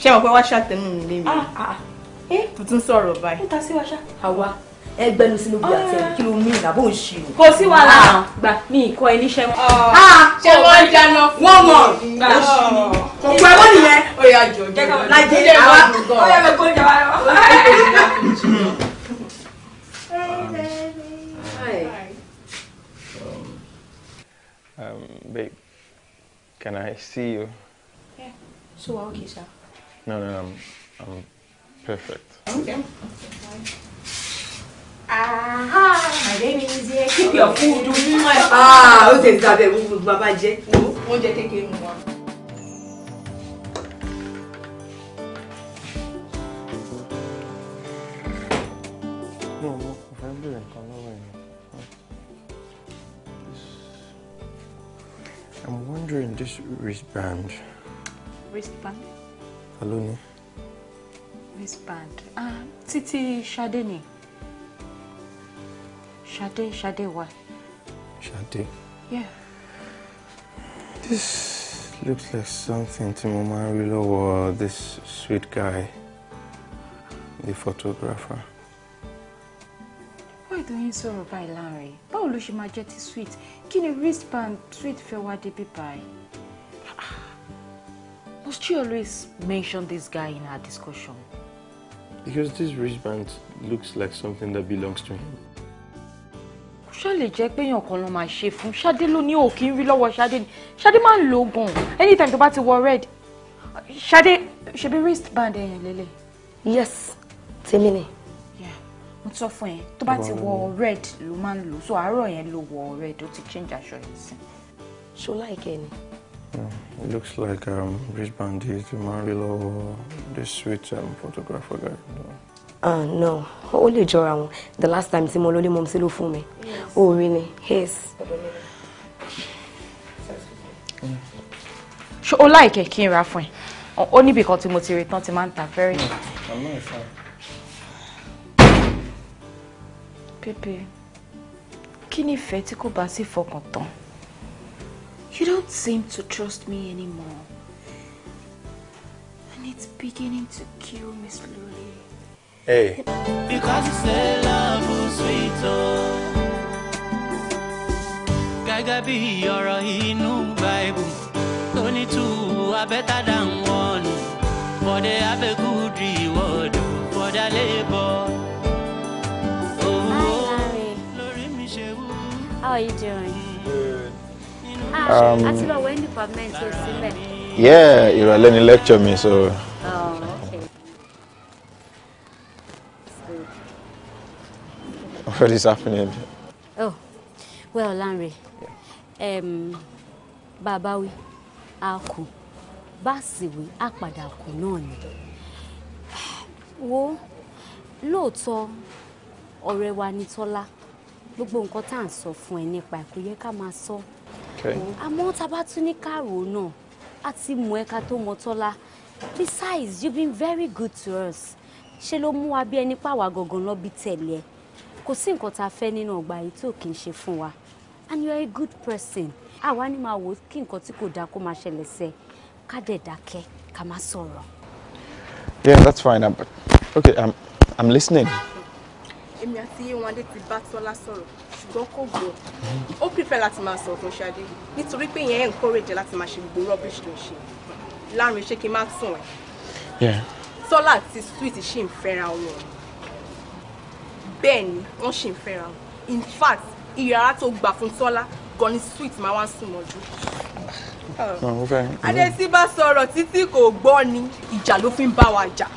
ṣé mo pé wá ṣàtẹnu mi lé mi kò tún sọ̀rọ̀ báyìí. ó ta sí wa ṣá. àwa ẹgbẹnu sínú bí àti ẹni kí ló mí ìlà bó ń ṣe o. kò sí wàhálà gbà mí ìkọ ẹ níṣẹ́ mọ́. ṣé wọ́n ń jẹun wọ́n mọ̀ gbà kò pẹ́ wọ́n nìyẹn. ó yà jọ jẹ́ ká wọ́n lajẹ́ àwọn àgbọ̀ngàn. ó yà mẹ́kọ́ jẹ́ Um, babe, can I see you? Yeah. So okay, sir. No, no, I'm, I'm perfect. Okay. Ah, my name is here. Keep your food. Ah, o tẹ ti ta bẹ gbogbo baba jẹ. Oúnjẹ kékeré mu wa. wristband. Wristband? Ta Wristband. Ah, Titi Ṣadé ni. Ṣadé, Ṣadé wa. Ṣadé? Yeah. This looks like something to Mama Rilo or this sweet guy, the photographer. Why do you sọ̀rọ̀ báyìí Larry? Báwo ló ṣe sweet? Kí ni wristband sweet fẹ́ wá débi báyìí? Must she always mention this guy in our discussion? Because this wristband looks like something that belongs to him. ṣàlè jẹ́ pé èèyàn kan ló máa ṣe fún ṣadé ló ní òkè ń rí lọ́wọ́ ṣadé ni ṣadé máa ń lo oògùn anytime tó bá ti wọ red ṣadé ṣebí wristband ẹ̀yàn lélẹ̀. yes tèmi ni. mo sọ fún ẹ tó bá ti wọ red ló máa ń lò so àárọ̀ yẹn ló wọ red ó ti change aṣọ yẹn sí. ṣọlá ìkẹ́ ni. It looks like um, Rich Bandit, Marillo, or the sweet um, photographer guy. Ah, no. Uh, no. Ó lè The last time tí mo lọ lé mom sí ló fún mi. Oh, really? Yes. She o like kí n ra fún ẹ? Ó níbi kan tí mo very. Mm. I'm not a Pepe, kí ni ìfẹ́ tí kò bá sí fọkàn tán? You don't seem to trust me anymore. And it's beginning to kill Miss slowly. Hey. Because you say love is sweet, oh. Gẹ́gẹ́ bí ọ̀rọ̀ Bible, tó two are better than one. For they have a good reward for their labor. Oh, oh. How are you doing? Um, àti lọ wẹ́ ní department lecture me so. What is happening? oh well Larry, um, Baba we aku basi we sì wí a ni wo lóòótọ́ ọ̀rẹ́ wa ni Tọ́lá gbogbo nǹkan tá à ń sọ fún ẹ nípa ẹ̀ kò yẹ ká máa sọ àmọ́ tá bá tún ní káàrò náà a ti mọ ẹ̀ka tó mọ tọ́lá besides you been very good to us ṣe ló mú wa bí ẹni pàwà gangan lọ́bí tẹ̀lé kò sí nǹkan tá a fẹ́ nínú ọgbà yìí tó kì í ṣe fún wa and you are a good person àwa ni máa wò kí nǹkan tí kò dáa kó máa ṣẹlẹ̀ sẹ́ ká dẹ̀ dákẹ́ ká má sọ̀rọ̀. yeah that's fine I'm, okay I'm, I'm listening èmi àti Yéwándé ti bá Tọ́lá sọ̀rọ̀ ṣùgbọ́n kò gbọ́ ó pífẹ́ láti máa sọ fún Ṣadé nítorí pé ìyẹn encourage láti máa ṣe gbogbo rubbish tó ṣe láàrin ṣé kí n má sùn ẹ̀. Tọ́lá Sweet ṣì ń fẹ́ra wọn bẹ́ẹ̀ ni wọ́n ṣì ń wọn in fact ìyàrá tó gbà fún Tọ́lá gan ni Sweet máa wá sùn mọ́jú. Ah, Adétí bá sọ̀rọ̀ títí kò gbọ́ ni ìjà ló fi ń bá wa jà.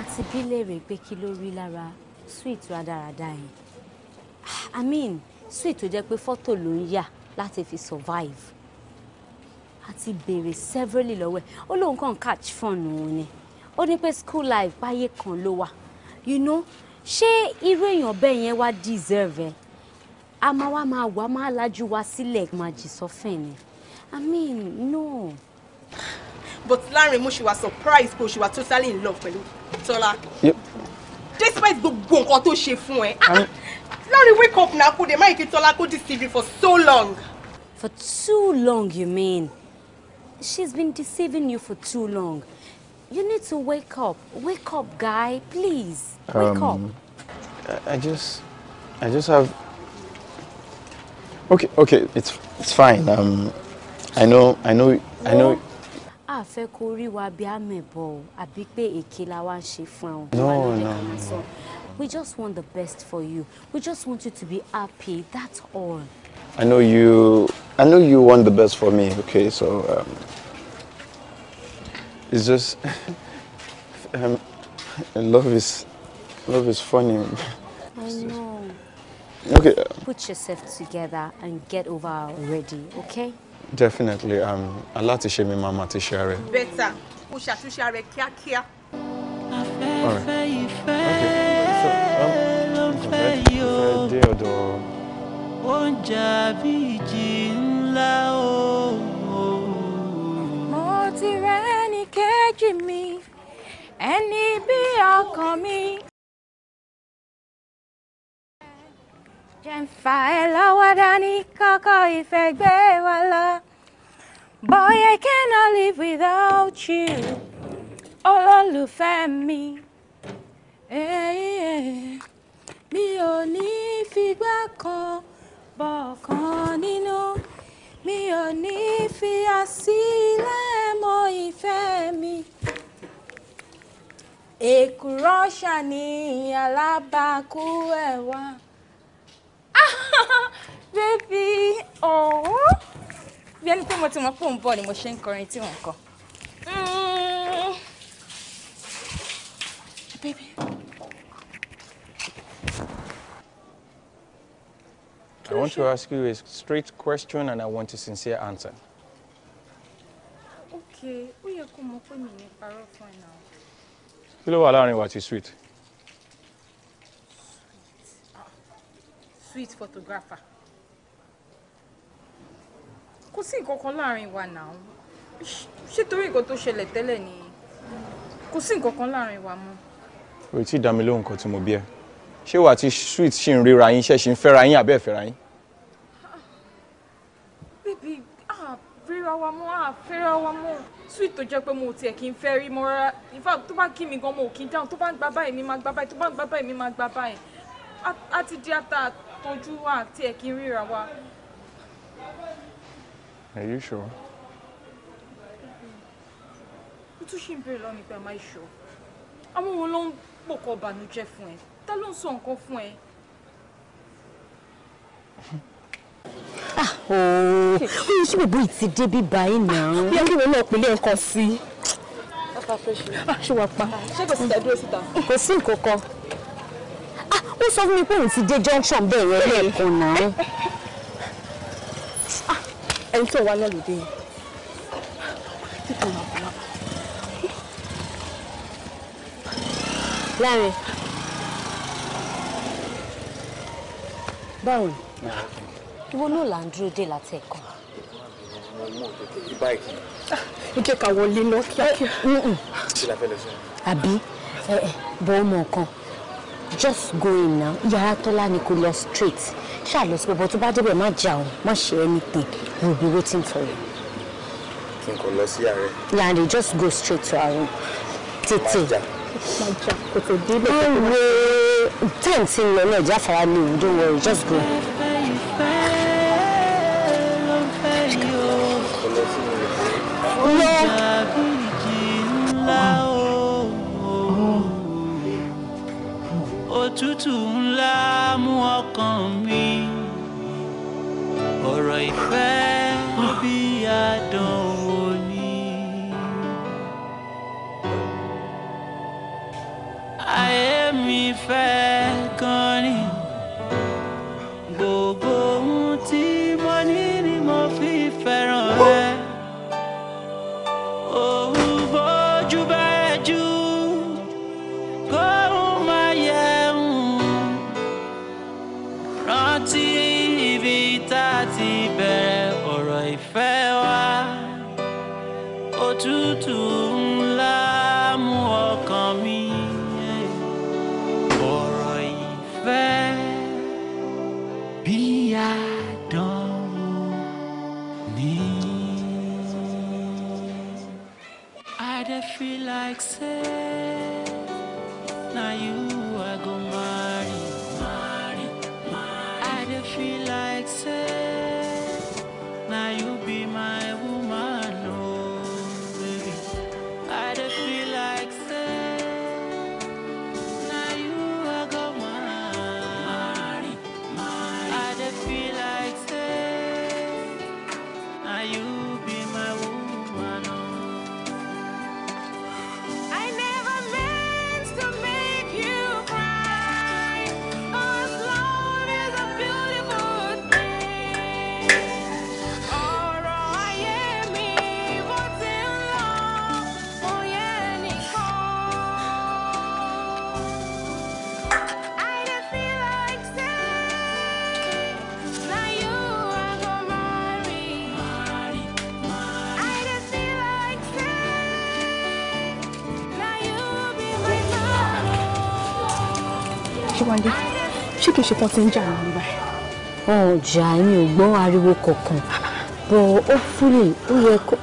àti bí lè rè kí ló rí lára sweet rádaràda yẹn ah, i mean sweet tó jẹ́ pé fọ́tò ló ń yà láti fi survive àti béèrè severally lọ́wọ́ ẹ̀ ó lóun kàn catch fọ́ọ̀nù òun ni ó ní pé school life báyé kan ló wà you know ṣé irú èèyàn bẹ́ẹ̀ yẹn wá deserve ẹ̀ a máa wá máa wà máa lajú wa sílẹ̀ máa jì sọ́fẹ̀ ni i mean no. but láàrin mo ṣì wà surprised pé o ṣì totally in love pẹ̀lú Tọ́lá. Yep despite gbogbo nǹkan tó ṣe fún ẹ ah, ah, lórí wake up náà kò dé má ike tọ́lá kó TV for so long. for too long you mean she's been deceiving you for too long you need to wake up wake up guy please wake um, up. I just I just have okay okay it's it's fine um I know I know I know. No a ah, fẹ́ kó rí wa bí a mẹ̀bọ̀ o àbí pé èké la wá ń ṣe fún ọ. no no no. we just want the best for you we just want you to be happy that's all. I know you I know you want the best for me okay so um, it's just um, love is love is funny. I know. Okay. Uh, Put yourself together and get over already, okay? definitely um, aláti to share máa ma to share it. better kò shall to share it? ìfẹ́ um, ló fẹ́ yóò dé ọ̀dọ̀. ó ń jà bí ìjì ńlá o. mo ti rẹ́ ní kejì mi ẹni bí ọkàn mi jẹ́ ń fa ẹ lọ́wọ́ dání kọ́kọ́ ìfẹ́ gbé wa lọ. Boy, I cannot live without you, olólùfẹ́ mi. Eh, eh, eh. Mi ò ní figbá kan bọ̀ kan nínú. Mi ò ní fi àsílẹ̀ mọ́ ìfẹ́ mi. Èkùrọ́ ṣàní alábàákú ẹ̀ wá. baby ọ̀ọ́ oh. bí ẹni pé mo ti mọ̀ pé òun bọ̀ ni mo ṣe ń kọrin tí òun kọ. Hmm. baby. I want to ask you a straight question and I want a sincere answer. Okay, ó yẹ kó mọ̀ pé mi ní parọ́ fún ẹ náà. Kí ló wà láàrin wa ti sweet? sweet photographer kò sí nǹkan kan láàrin wa náà ṣé torí nǹkan tó ṣẹlẹ̀ tẹ́lẹ̀ ni kò sí nǹkan kan láàrin wa mọ́. o ì tí dá mi lóhùn nǹkan tí mo bí ẹ ṣé wàá ti sweet ṣì ń ríra yín ṣe ṣì ń fẹ́ra yín àbẹ́ fẹ́ra yín. bíbí a ríra wa mọ́ a fẹ́ra wa mọ́ sweet tó jẹ́ pé mo tiẹ̀ kí n fẹ́ rí mọ́ rárá in fact tó bá kí mi gan mo ò kí dáhùn tó bá ń gbá báyìí mi máa gbá báyìí tó bá ń gbá báyìí mi máa gbá báyìí a ti di ata tọ́jú wà tí ẹ kí n ríra wa. Are you sure? ó tún ṣì ń béèrè lọ́wọ́ mi pé am I sure? àwọn wo ló ń pòkọ ìbànújẹ́ fún ẹ ta ló ń sọ nǹkan fún ẹ. ah ooo oye ṣé bòbó yìí ti dé bí báyìí náà. Ah, bí akéwì náà pèlè nǹkan sí i. Ah, ṣé wàá pa. Ah, ṣé kò sí ìdádúró síta. kò sí nǹkan kan ó sọ fún mi pé òun ti dé junction bẹ́ẹ̀ yẹn lẹ́ẹ̀kan náà. Ah, ẹni tó wà lọ́lùdẹ́ yẹn títí máa bọ̀ lápá. láàrin báwo ni ìwọ náà là ń dúró dé láti ẹ̀kọ́. ẹ jẹ́ ká wọlé lọ kíákíá. àbí bọ́ ọmọ kan just go in now yàrá tọ́lá ni kò lọ straight ṣáà lọ sí bọ́bọ́ tó bá débẹ̀ má jà má ṣe anything we will be waiting for you. kí n kò lọ sí ààrẹ. yàrá dey just go straight to our room tètè má jà kò ń lọ náà ìjà fara ni don't worry just go. Mm -hmm. òtútù ńlá mú ọkàn mi ọ̀rọ̀ ìfẹ́ bí adùn. ṣé ṣé kìí ṣe tán ti ń jà ní ìgbà yìí. ọ̀hún mi ò gbọ́ ariwo kankan bọ̀ ó fúlẹ̀ ó yẹ kó.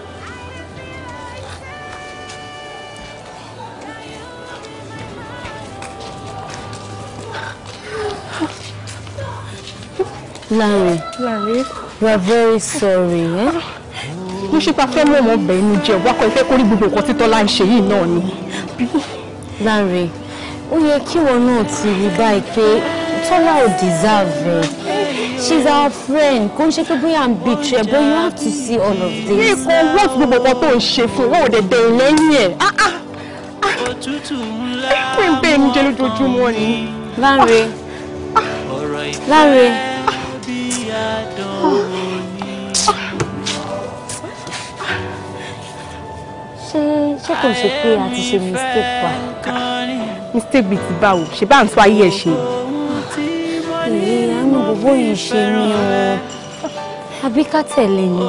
Larry. Larry. We are very sorry. Eh? Mo ṣe pa fẹ́ mọ̀ ọmọ ọbẹ̀ inú jẹ́ wákọ̀ ìfẹ́ kórìí gbogbo nǹkan títọ́ láì ṣe yìí náà ni. Larry ó yẹ kí wọn náà ti rí báyìí pé Tọ́lá ò deserve it she's our friend kò ń ṣe pé bóyá i'm betray but you have to see all of this. ní ìkan wọ́ọ̀tì gbogbo ọkọ tó ń ṣe fún wọn ò dẹ̀ dẹ̀yìn lẹ́yìn ẹ̀ ah, ah, ah. kí n bẹ́ẹ̀ ń jẹ́ lójoojúmọ́ ni. Lánre Lánre. ṣé ṣé kò ń ṣe pé a ṣe mistake pa mistake bíi ti báwo ṣe bá ń tún ayé ẹ̀ ṣe. ìyẹn àánú gbogbo yìí ṣe ni o àbí ká tẹ̀lé ni.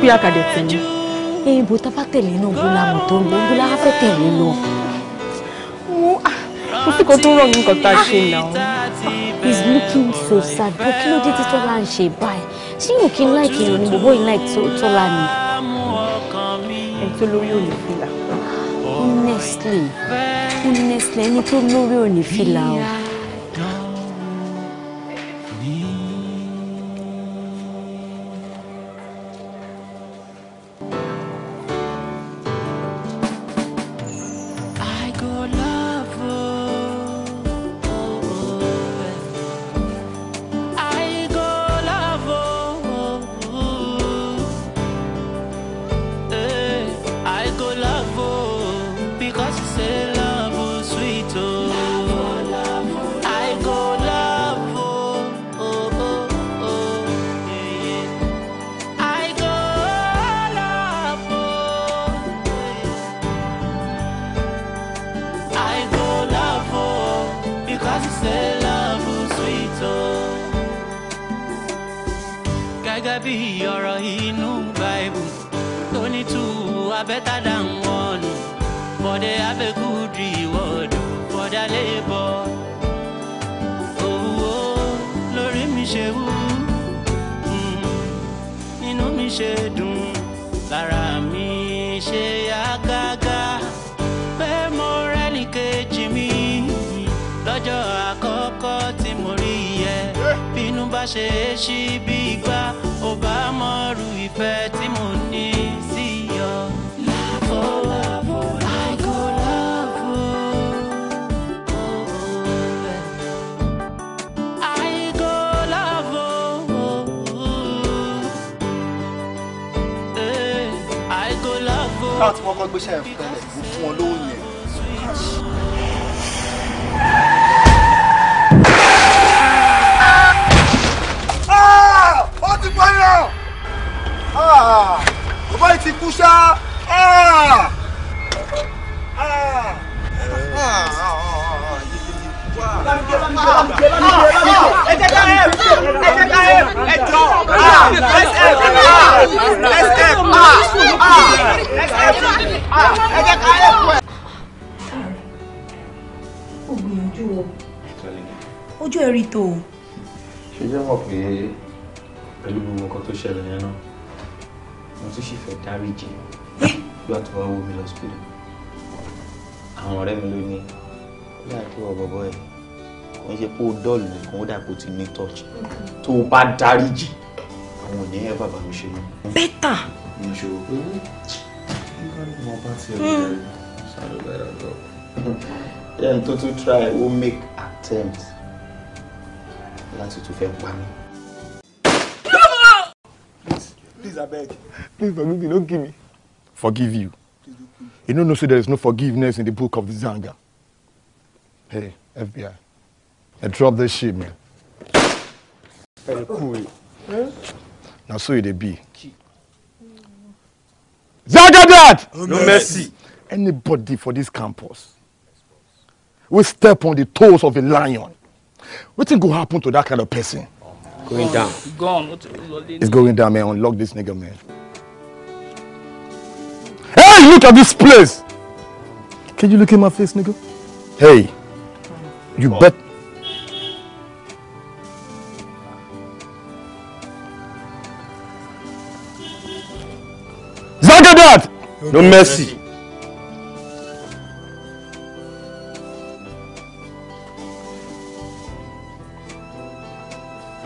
bí a kàdé tẹ̀lé. ẹyin bó tá bá tẹ̀lé náà bó la mọ̀ tó ń lọ bó la fẹ́ tẹ̀lé lọ. Ah, kò sí kan tó ń rọ̀ ní nǹkan tá a ṣe náà. Ah, he's looking so sad bó kí ló dé tí tọ́lá ń ṣe báyìí ṣé yóò kí n láìkì ìròyìn gbogbo yìí láì tọ́lá ni. ẹ̀ tó lórí òní fìlà honestly honestly ẹni tó lórí ò ní fìlà o. bá ṣe é ṣí bí igbá ó bá mọ̀rú ìfẹ́ tí mo ní sí ọ. láàbò láàbò àìkú gbéṣẹ́ ẹ̀ fún tẹ́lẹ̀ fún ọ lówó bàbá ah! yìí ti kú ṣá. Ah! Ah! ojú ẹ̀rí tó o. ṣe jẹ́ mọ̀ pé pẹ̀lú gbogbo nǹkan tó ṣẹlẹ̀ yẹn náà mo tún sì fẹ́ dáríjì nígbà tó wá wo mi lọ sípìlì àwọn ọ̀rẹ́ mi ló ní ó dà pé ọ bọ̀bọ̀ ẹ̀ kò ń ṣe pé ó dọ́ọ̀lù nìkan ó dà pé ó ti ní tọ́ọ̀chì mm-hmm. tó o bá dáríjì àwọn ò ní ẹ bàbá mi ṣe mọ́. bẹ́tà. mo ṣe wò pé hmm, nígbà tí mo bá ti rí ẹ ṣàlù lọ. ẹni tó tún try ó make attempt láti tún fẹ́ pa mí. abeg. Please forgive me, don't kill me. Forgive you. You don't know, say there is no forgiveness in the book of Zanga. Hey, FBI. I drop this shit, man. Very cool. Eh? Now so it be. Zanga, No, no mercy. Anybody for this campus will step on the toes of a lion. What thing go happen to that kind of person? Going down. Gone. It's going down, man. Unlock this nigga, man. Hey, look at this place. Can you look in my face, nigga? Hey, you oh. bet. Zagadat! No mercy.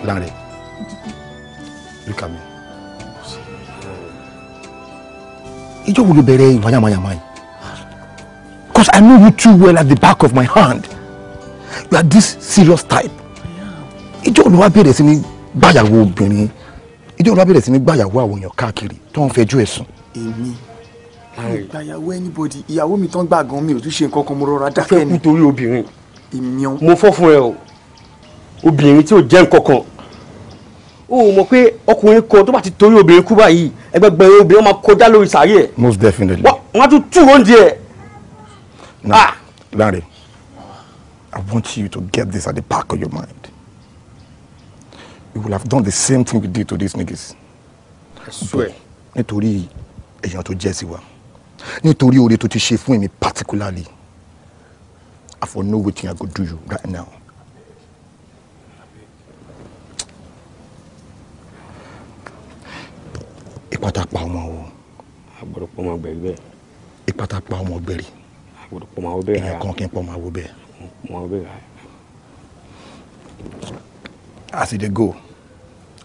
Lanre, look at me. you Ìjọ́ wo ló bẹ̀rẹ̀ ìwáyàmáyàmá yìí? Because I know you too well at the back of my hand. You are this serious type. Ìjọ́ wo you don't want to be gbàyàwó obìnrin? Ìjọ́ wo ló wá bẹ̀rẹ̀ sí ní gbàyàwó àwọn èèyàn káàkiri tó ń fẹjọ́ ẹ̀sùn? Èmi ìgbàyàwó anybody ìyàwó mi tán gbàgán mi ò tún ṣe nǹkan kan mo rọra dákẹ́ ni. Fẹ́ kú torí obìnrin. Èmi ọ̀. Mo fọ́ fún ẹ o, obìnrin tí ò jẹ́ nǹkan kan o mọ̀ pé ọkùnrin kan tó bá ti torí obìnrin kú báyìí ẹgbẹgbẹ̀rún obìnrin máa kọjá lórí sàárè most definitely. wọ́n á tún tú oúnjẹ ẹ̀. now ah! Lanre I want you to get this at the back of your mind you will have done the same thing we did to these niggas. I swear. nítorí èèyàn tó jẹ́ sí wa nítorí oore tó ti ṣe fún èmi particularly I for know wetin I go do you right now. ìpàtàpà ọmọ wo. àgbọ̀dọ̀ pọ̀ máa gbẹ̀rí bẹ́ẹ̀. ìpàtàpà ọmọ gbẹ̀rí. àgbọ̀dọ̀ pọ̀ máa wo bẹ́ẹ̀. ìyẹn kan kí n pọ̀ máa wo bẹ́ẹ̀. pọ̀ máa wo bẹ́ẹ̀. as e dey go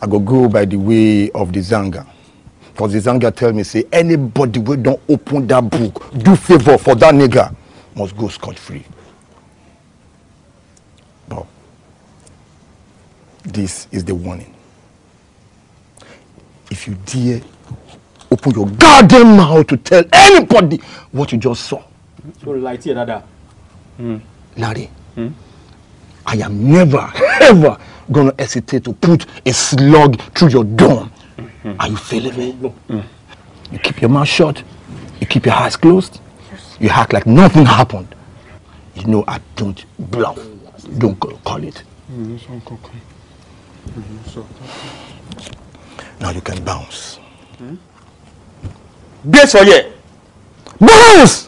i go go by the way of the zanga because the zanga tell me say anybody wey don open that book do favour for that nigga must go scot free. But this is the warning. If you dare open your goddamn mouth to tell anybody what you just saw. so light here dada. Mm. Larry hmm? I am never ever gonna hesitate to put a slug through your dome. Mm-hmm. Are you feeling me? Mm. You keep your mouth shut. You keep your eyes closed. Yes. You act like nothing happened. You know I don't bluff. Don't call it. Mm-hmm. Now you can bounce. Mm? Base for here. Bounce!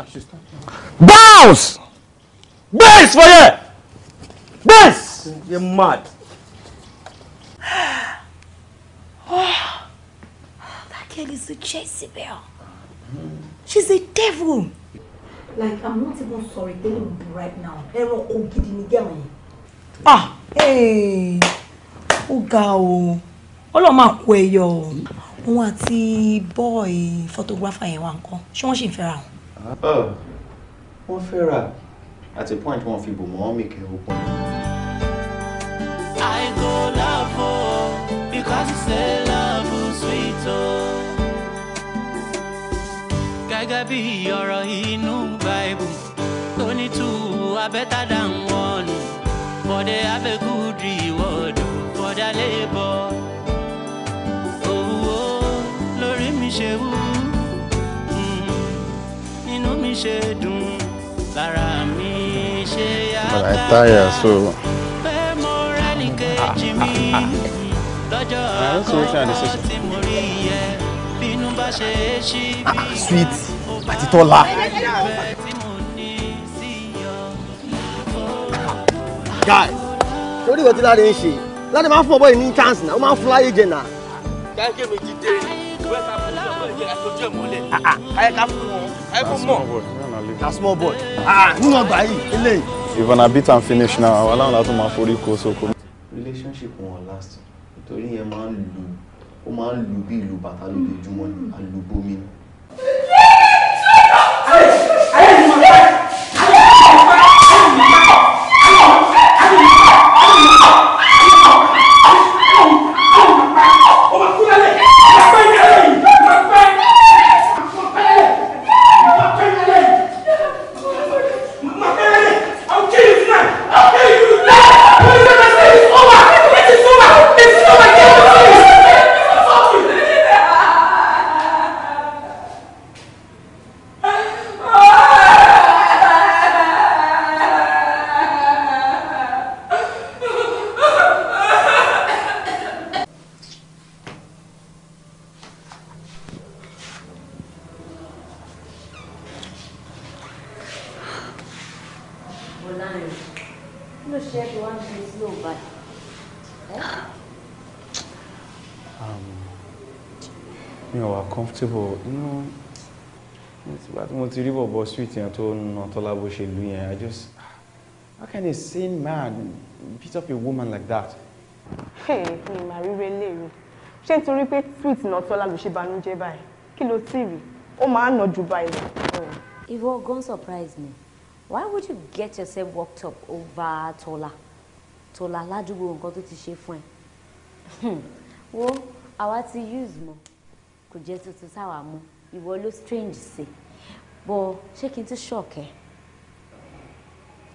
Bounce! base for here! base. You're mad. Oh, that girl is a Jezebel. She's a devil. Like, I'm not even sorry. They will be right now. Ẹran kò gidi ni get yẹn. Ah! Hey! Oga, ga o. Ọlọ́run máa ẹyọ òun àti bọ́ọ̀ì photographer yẹn wà nǹkan ṣé wọ́n sì ń fẹ́ra ah, wọ́n fẹ́ra àti point wọn fi bò mọ́ mi kẹ́ ogun. I go love oh, because you say love oh, sweet oh. Gẹ́gẹ́ bí ọ̀rọ̀ inú Báíbù tó ní two are better than one. For they have a good reward for their labour. ṣe wú hmm. inú mi ṣe dùn lára mi ṣe yá gbàgbà pé mo rẹ́ni kejì mi lọ́jọ́ ah, àkọ́kọ́ tí mo rí yẹ bínú bá ṣe é ṣí bí ah, sweet àti tọ́lá. guy torí ìwé tí láre ń ṣe láre máa fún ọbọ yìí ní chance náà ó máa ń fún láyé jẹ náà. káyọ̀kẹ́ mi ti dé àtọ́jú ah, ah. small boy ah who ah. ọgbà yìí eléyìí. if una beat am finish now I aláwọn látún máa forty kó sóko. relationship won't last nítorí yẹn máa ń lu ó máa ń lu bí ìlú bàtà lójoojúmọ́ ni àlùbọ́mi mi ò wà comfortable inú nígbà tí mo ti rí bọ̀bọ̀ street yẹn tó nà tọ́lá bó ṣe lu yẹn i just how can a sane man beat up a woman like that. ṣé ìmọ̀ àríwé lè rí ṣé nítorí pé tweet náà tọ́lá ló ṣe banújẹ́ báyìí kí ló sì rí ó máa ń nà ju báyìí lọ. ìwọ gan surprise me why would you get yourself worked up over tọ́lá tọ́lá ládùúgbò nǹkan tó ti ṣe fún ẹ hmm. wo àwa ti use mọ́ kò jẹ́ tuntun sáwà mú ìwọ ló strange sí bọ́ ṣé kí n tún ṣọ̀kẹ́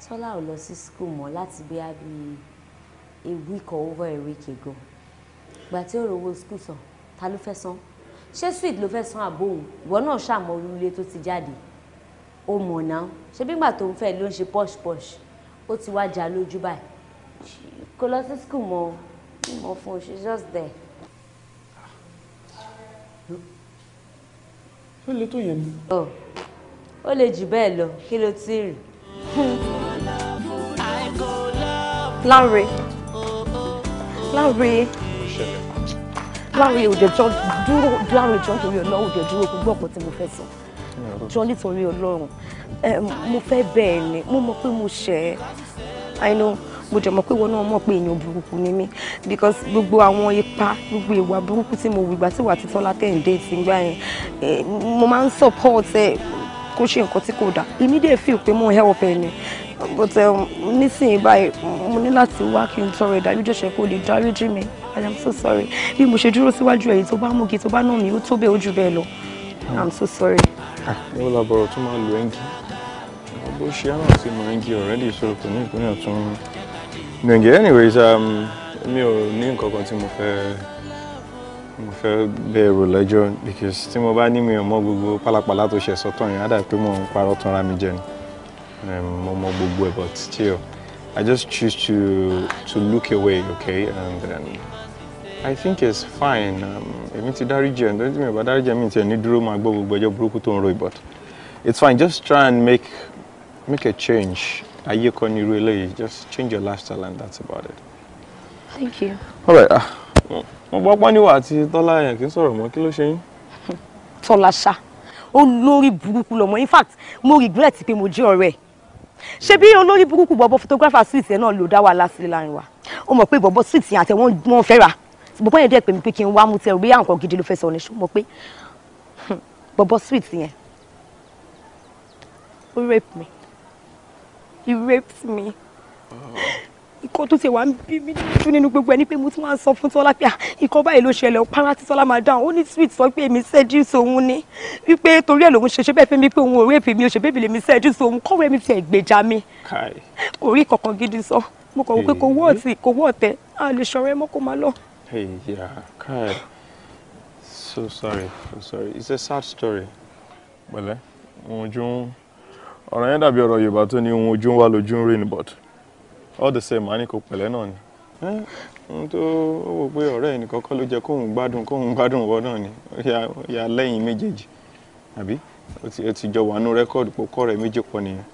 tọ́lá ò lọ sí school mọ́ láti bí a bí a week or over a week ago ìgbà tí ó rówó school sàn ta ló fẹ́ san ṣé sweet ló fẹ́ san àbóhùn ìwọ náà ṣàmọ́ orílẹ̀ tó ti jáde ó mọ̀ náà ṣé bígbà tó ń fẹ́ ló ń ṣe posh posh ó ti wá jà lójú báyìí kò lọ sí school mọ́ mọ́ fún un she's just there. ó lè tó yẹn ni. Oh, ó lè jù bẹ́ẹ̀ lọ kí ló ti rí. Lanre Lanre Lanre òde jọ dúró Lanre jọ nítorí Ọlọ́run òde dúró gbogbo ọ̀pọ̀ tí mo fẹ́ sọ jọ nítorí Ọlọ́run mo fẹ́ bẹ́ẹ̀ ni mo mọ̀ pé mo ṣẹ̀ ẹ́ I know mo jẹ́ mọ̀ pé ìwọ náà mọ̀ pé èèyàn burúkú ni mí because gbogbo àwọn ipa gbogbo ìwà burúkú tí mo wù tí wà á ti tọ́lá tẹ̀ ti ń gbà yẹn mo máa ń support ẹ kó ṣe nǹkan tí kò dáa èmi dẹ̀ feel pé mo help ẹ ni but um, nísìnyí báyìí mo ní láti wá kí n tọrọ ìdáríjì ẹ̀ṣẹ̀ kó lè dáríjì mi i am so sorry bí mo ṣe dúró síwájú ẹ̀yìn tó bá mú kí tó bá nà mí ó tó bẹ́ẹ̀ ó jù bẹ́ẹ̀ lọ i am so sorry. ó ah, lọ bọ̀rọ̀ tó máa lo ẹ́ńgì bó ṣe á náà sí mọ̀ ẹ́ńgì already ìṣòro kò ní ìpínlẹ̀ tó ń rún gbẹ̀ngẹ̀ anyways um, mi ò ní nǹkan kan tí mo fẹ́ mo fẹ́ bẹ̀rù lẹ́jọ́ because tí mo bá ní mi ò mọ gbogbo pálapàla tó ṣe sọ́tọ̀ yẹn á dà pé mo ń parọ́ tán ra mi jẹ ni um, mo mọ gbogbo ẹ̀ but still I just choose to to look away okay and then I think it's fine um, èmi ti dáríjì ẹ̀ ǹdọ́jú mi ò bá dáríjì ẹ̀ mi ti ẹ̀ ní dúró máa gbọ́ gbogbo ẹjọ́ burúkú tó ń ro ìbọ̀t it's fine just try and make make a change ayé you ni irú really just change your lifestyle and that's about it. thank you. all right ah, mo gbọ́ pọ́n níwà àti tọ́lá yẹn kì í sọ̀rọ̀ mọ́ kí ló ṣe yín. tọ́lá ṣá olórí burúkú lọ́mọ in fact mo regret pé mo jẹ́ ọ̀rẹ́ ẹ̀ ṣé bí olórí burúkú bọ̀bọ̀ photographer sweet yẹn náà ló dá wàhálà sílẹ̀ láàrin wa ó mọ̀ pé bọ̀bọ̀ sweet yẹn àti wọ́n fẹ́ ra bọ̀bọ̀ yẹn dẹ̀ pè mí pé kí n wá mú tẹ òbí àǹkọ́ gidi ló fẹ́ sọ ní ṣó mọ̀ pé bọ̀bọ̀ sweet yẹn ó rape mi he raped me nǹkan tó ṣe wà ń bí mi tún nínú gbogbo ẹni pé mo tún wá sọ fún Tọ́lá pé nǹkan báyìí ló ṣẹlẹ̀ ó para tí Tọ́lá máa dáhùn ó ní sweet sọ pé èmi seduce òun ni wípé torí ẹ̀ lòun ṣe ṣe bẹ́ẹ̀ fún mi pé òun ò rape mi ò ṣe bébì lèmi seduce òun kọ́wé mi fi ẹ̀gbèjà mi kò rí kankan gidi sọ mo kàn wò pé kò wọ́ ọ̀tì kò wọ́ ọ̀tẹ̀ a lè ṣọ̀rọ̀ ẹ mọ́ kó máa lọ. so sorry so sorry it's a sad story. pẹ̀lẹ́ well, eh? ọ̀rọ̀ yẹn dàbí ọ̀rọ̀ Yorùbá tó ní ohun ojú ń wá lójú ń rìn but all the same àní kò pẹ̀lẹ́ náà ni n tó wò pé ọ̀rẹ́ ẹ̀ nìkan kọ́ ló jẹ́ kóun gbádùn kóun gbádùn wọ náà ni ya lẹ́yìn méjèèjì àbí o ti jọ wà nú rẹ́kọ̀dù pé kọ́ rẹ̀ méjì pọ̀ nìyẹn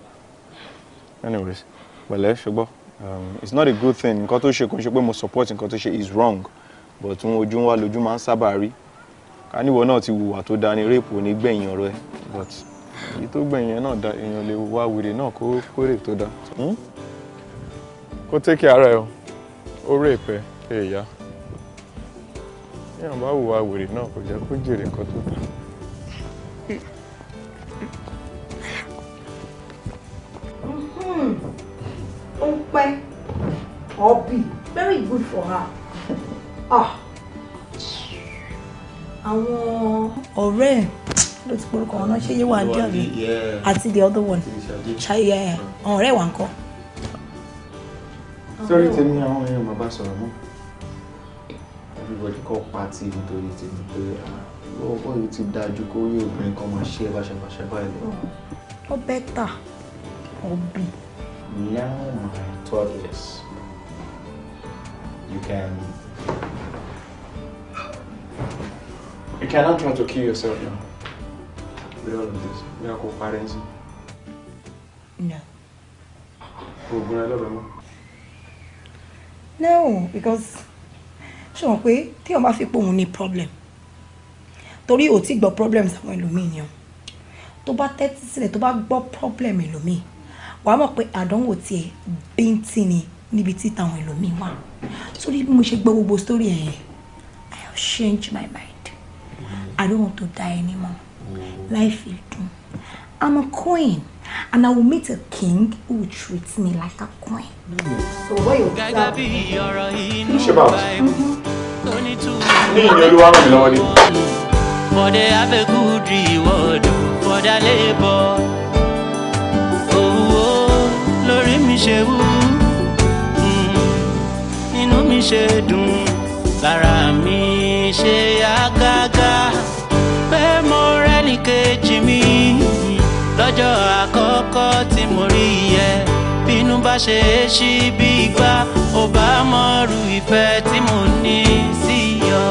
anyways pẹ̀lẹ́ ṣùgbọ́n um, it's not a good thing nǹkan tó ṣe kò ṣe pé mo support nǹkan tó ṣe is wrong but n ojú wa lójú máa ń sábà rí ká níwọ náà ti hùwà tó dáa ní rape ò ní gbẹ̀yìn ọ̀rọ̀ ẹ but èyí tó gbẹ̀yìn náà da èèyàn lè wá wèrè náà kó kórè tó da hmm? kó tẹ́kẹ̀ ara ẹ̀ ó rè pẹ́ èèyà èèyàn bá wá wèrè náà kò jẹ́ kó jèrè nǹkan tó da. ó ń pẹ́ ọ̀bì very good for her. Ah. àwọn ọ̀rẹ́ ẹ̀. ló ti porúkọ wọn náà ṣe yé wà ní ọ̀rẹ́ àti the other one ṣayẹ ọ̀hún ọ̀rẹ́ wa ńkọ́. sọ́rí tèmi àwọn èèyàn máa bá sọ̀rọ̀ mọ́ everybody kọ́ pàtì nítorí tèmi pé ọkọ̀ yìí ti dájú kó yé obìnrin kan máa ṣe báṣabàṣa báyìí. ó bẹ́tà ọ̀bì. now my third years you can you cannot try to kill yourself now lórí ọ̀rọ̀ this bóyá kò parẹ́ sí. no. Oh, no because ṣé wọn pé tí wọn bá fi pé òun ní problem torí ò tí gbọ́ problems àwọn ẹlòmíì to o tó bá tẹ́tí sílẹ̀ tó bá gbọ́ problem ẹlòmíì wàá mọ̀ pé àdánwò tiẹ̀ bíntín ni níbi tí tàwọn ẹlòmíì wà sórí bí mo ṣe gbọ́ gbogbo story ẹ̀ I have changed my mind I don't want to die anymore. Life is done. I'm a queen and I will meet a king who will treat me like a queen. Mm. So where you gonna be? What's your boss? For they have a good reward for their labor. Oh, lórí mi ṣe wú, hmm, inú mi ṣe dùn, lára mi ṣe yá. bínú bá ṣe é ṣí bí gbá ó bá mọ̀rú ìfẹ́ tí mo ní sí yọ.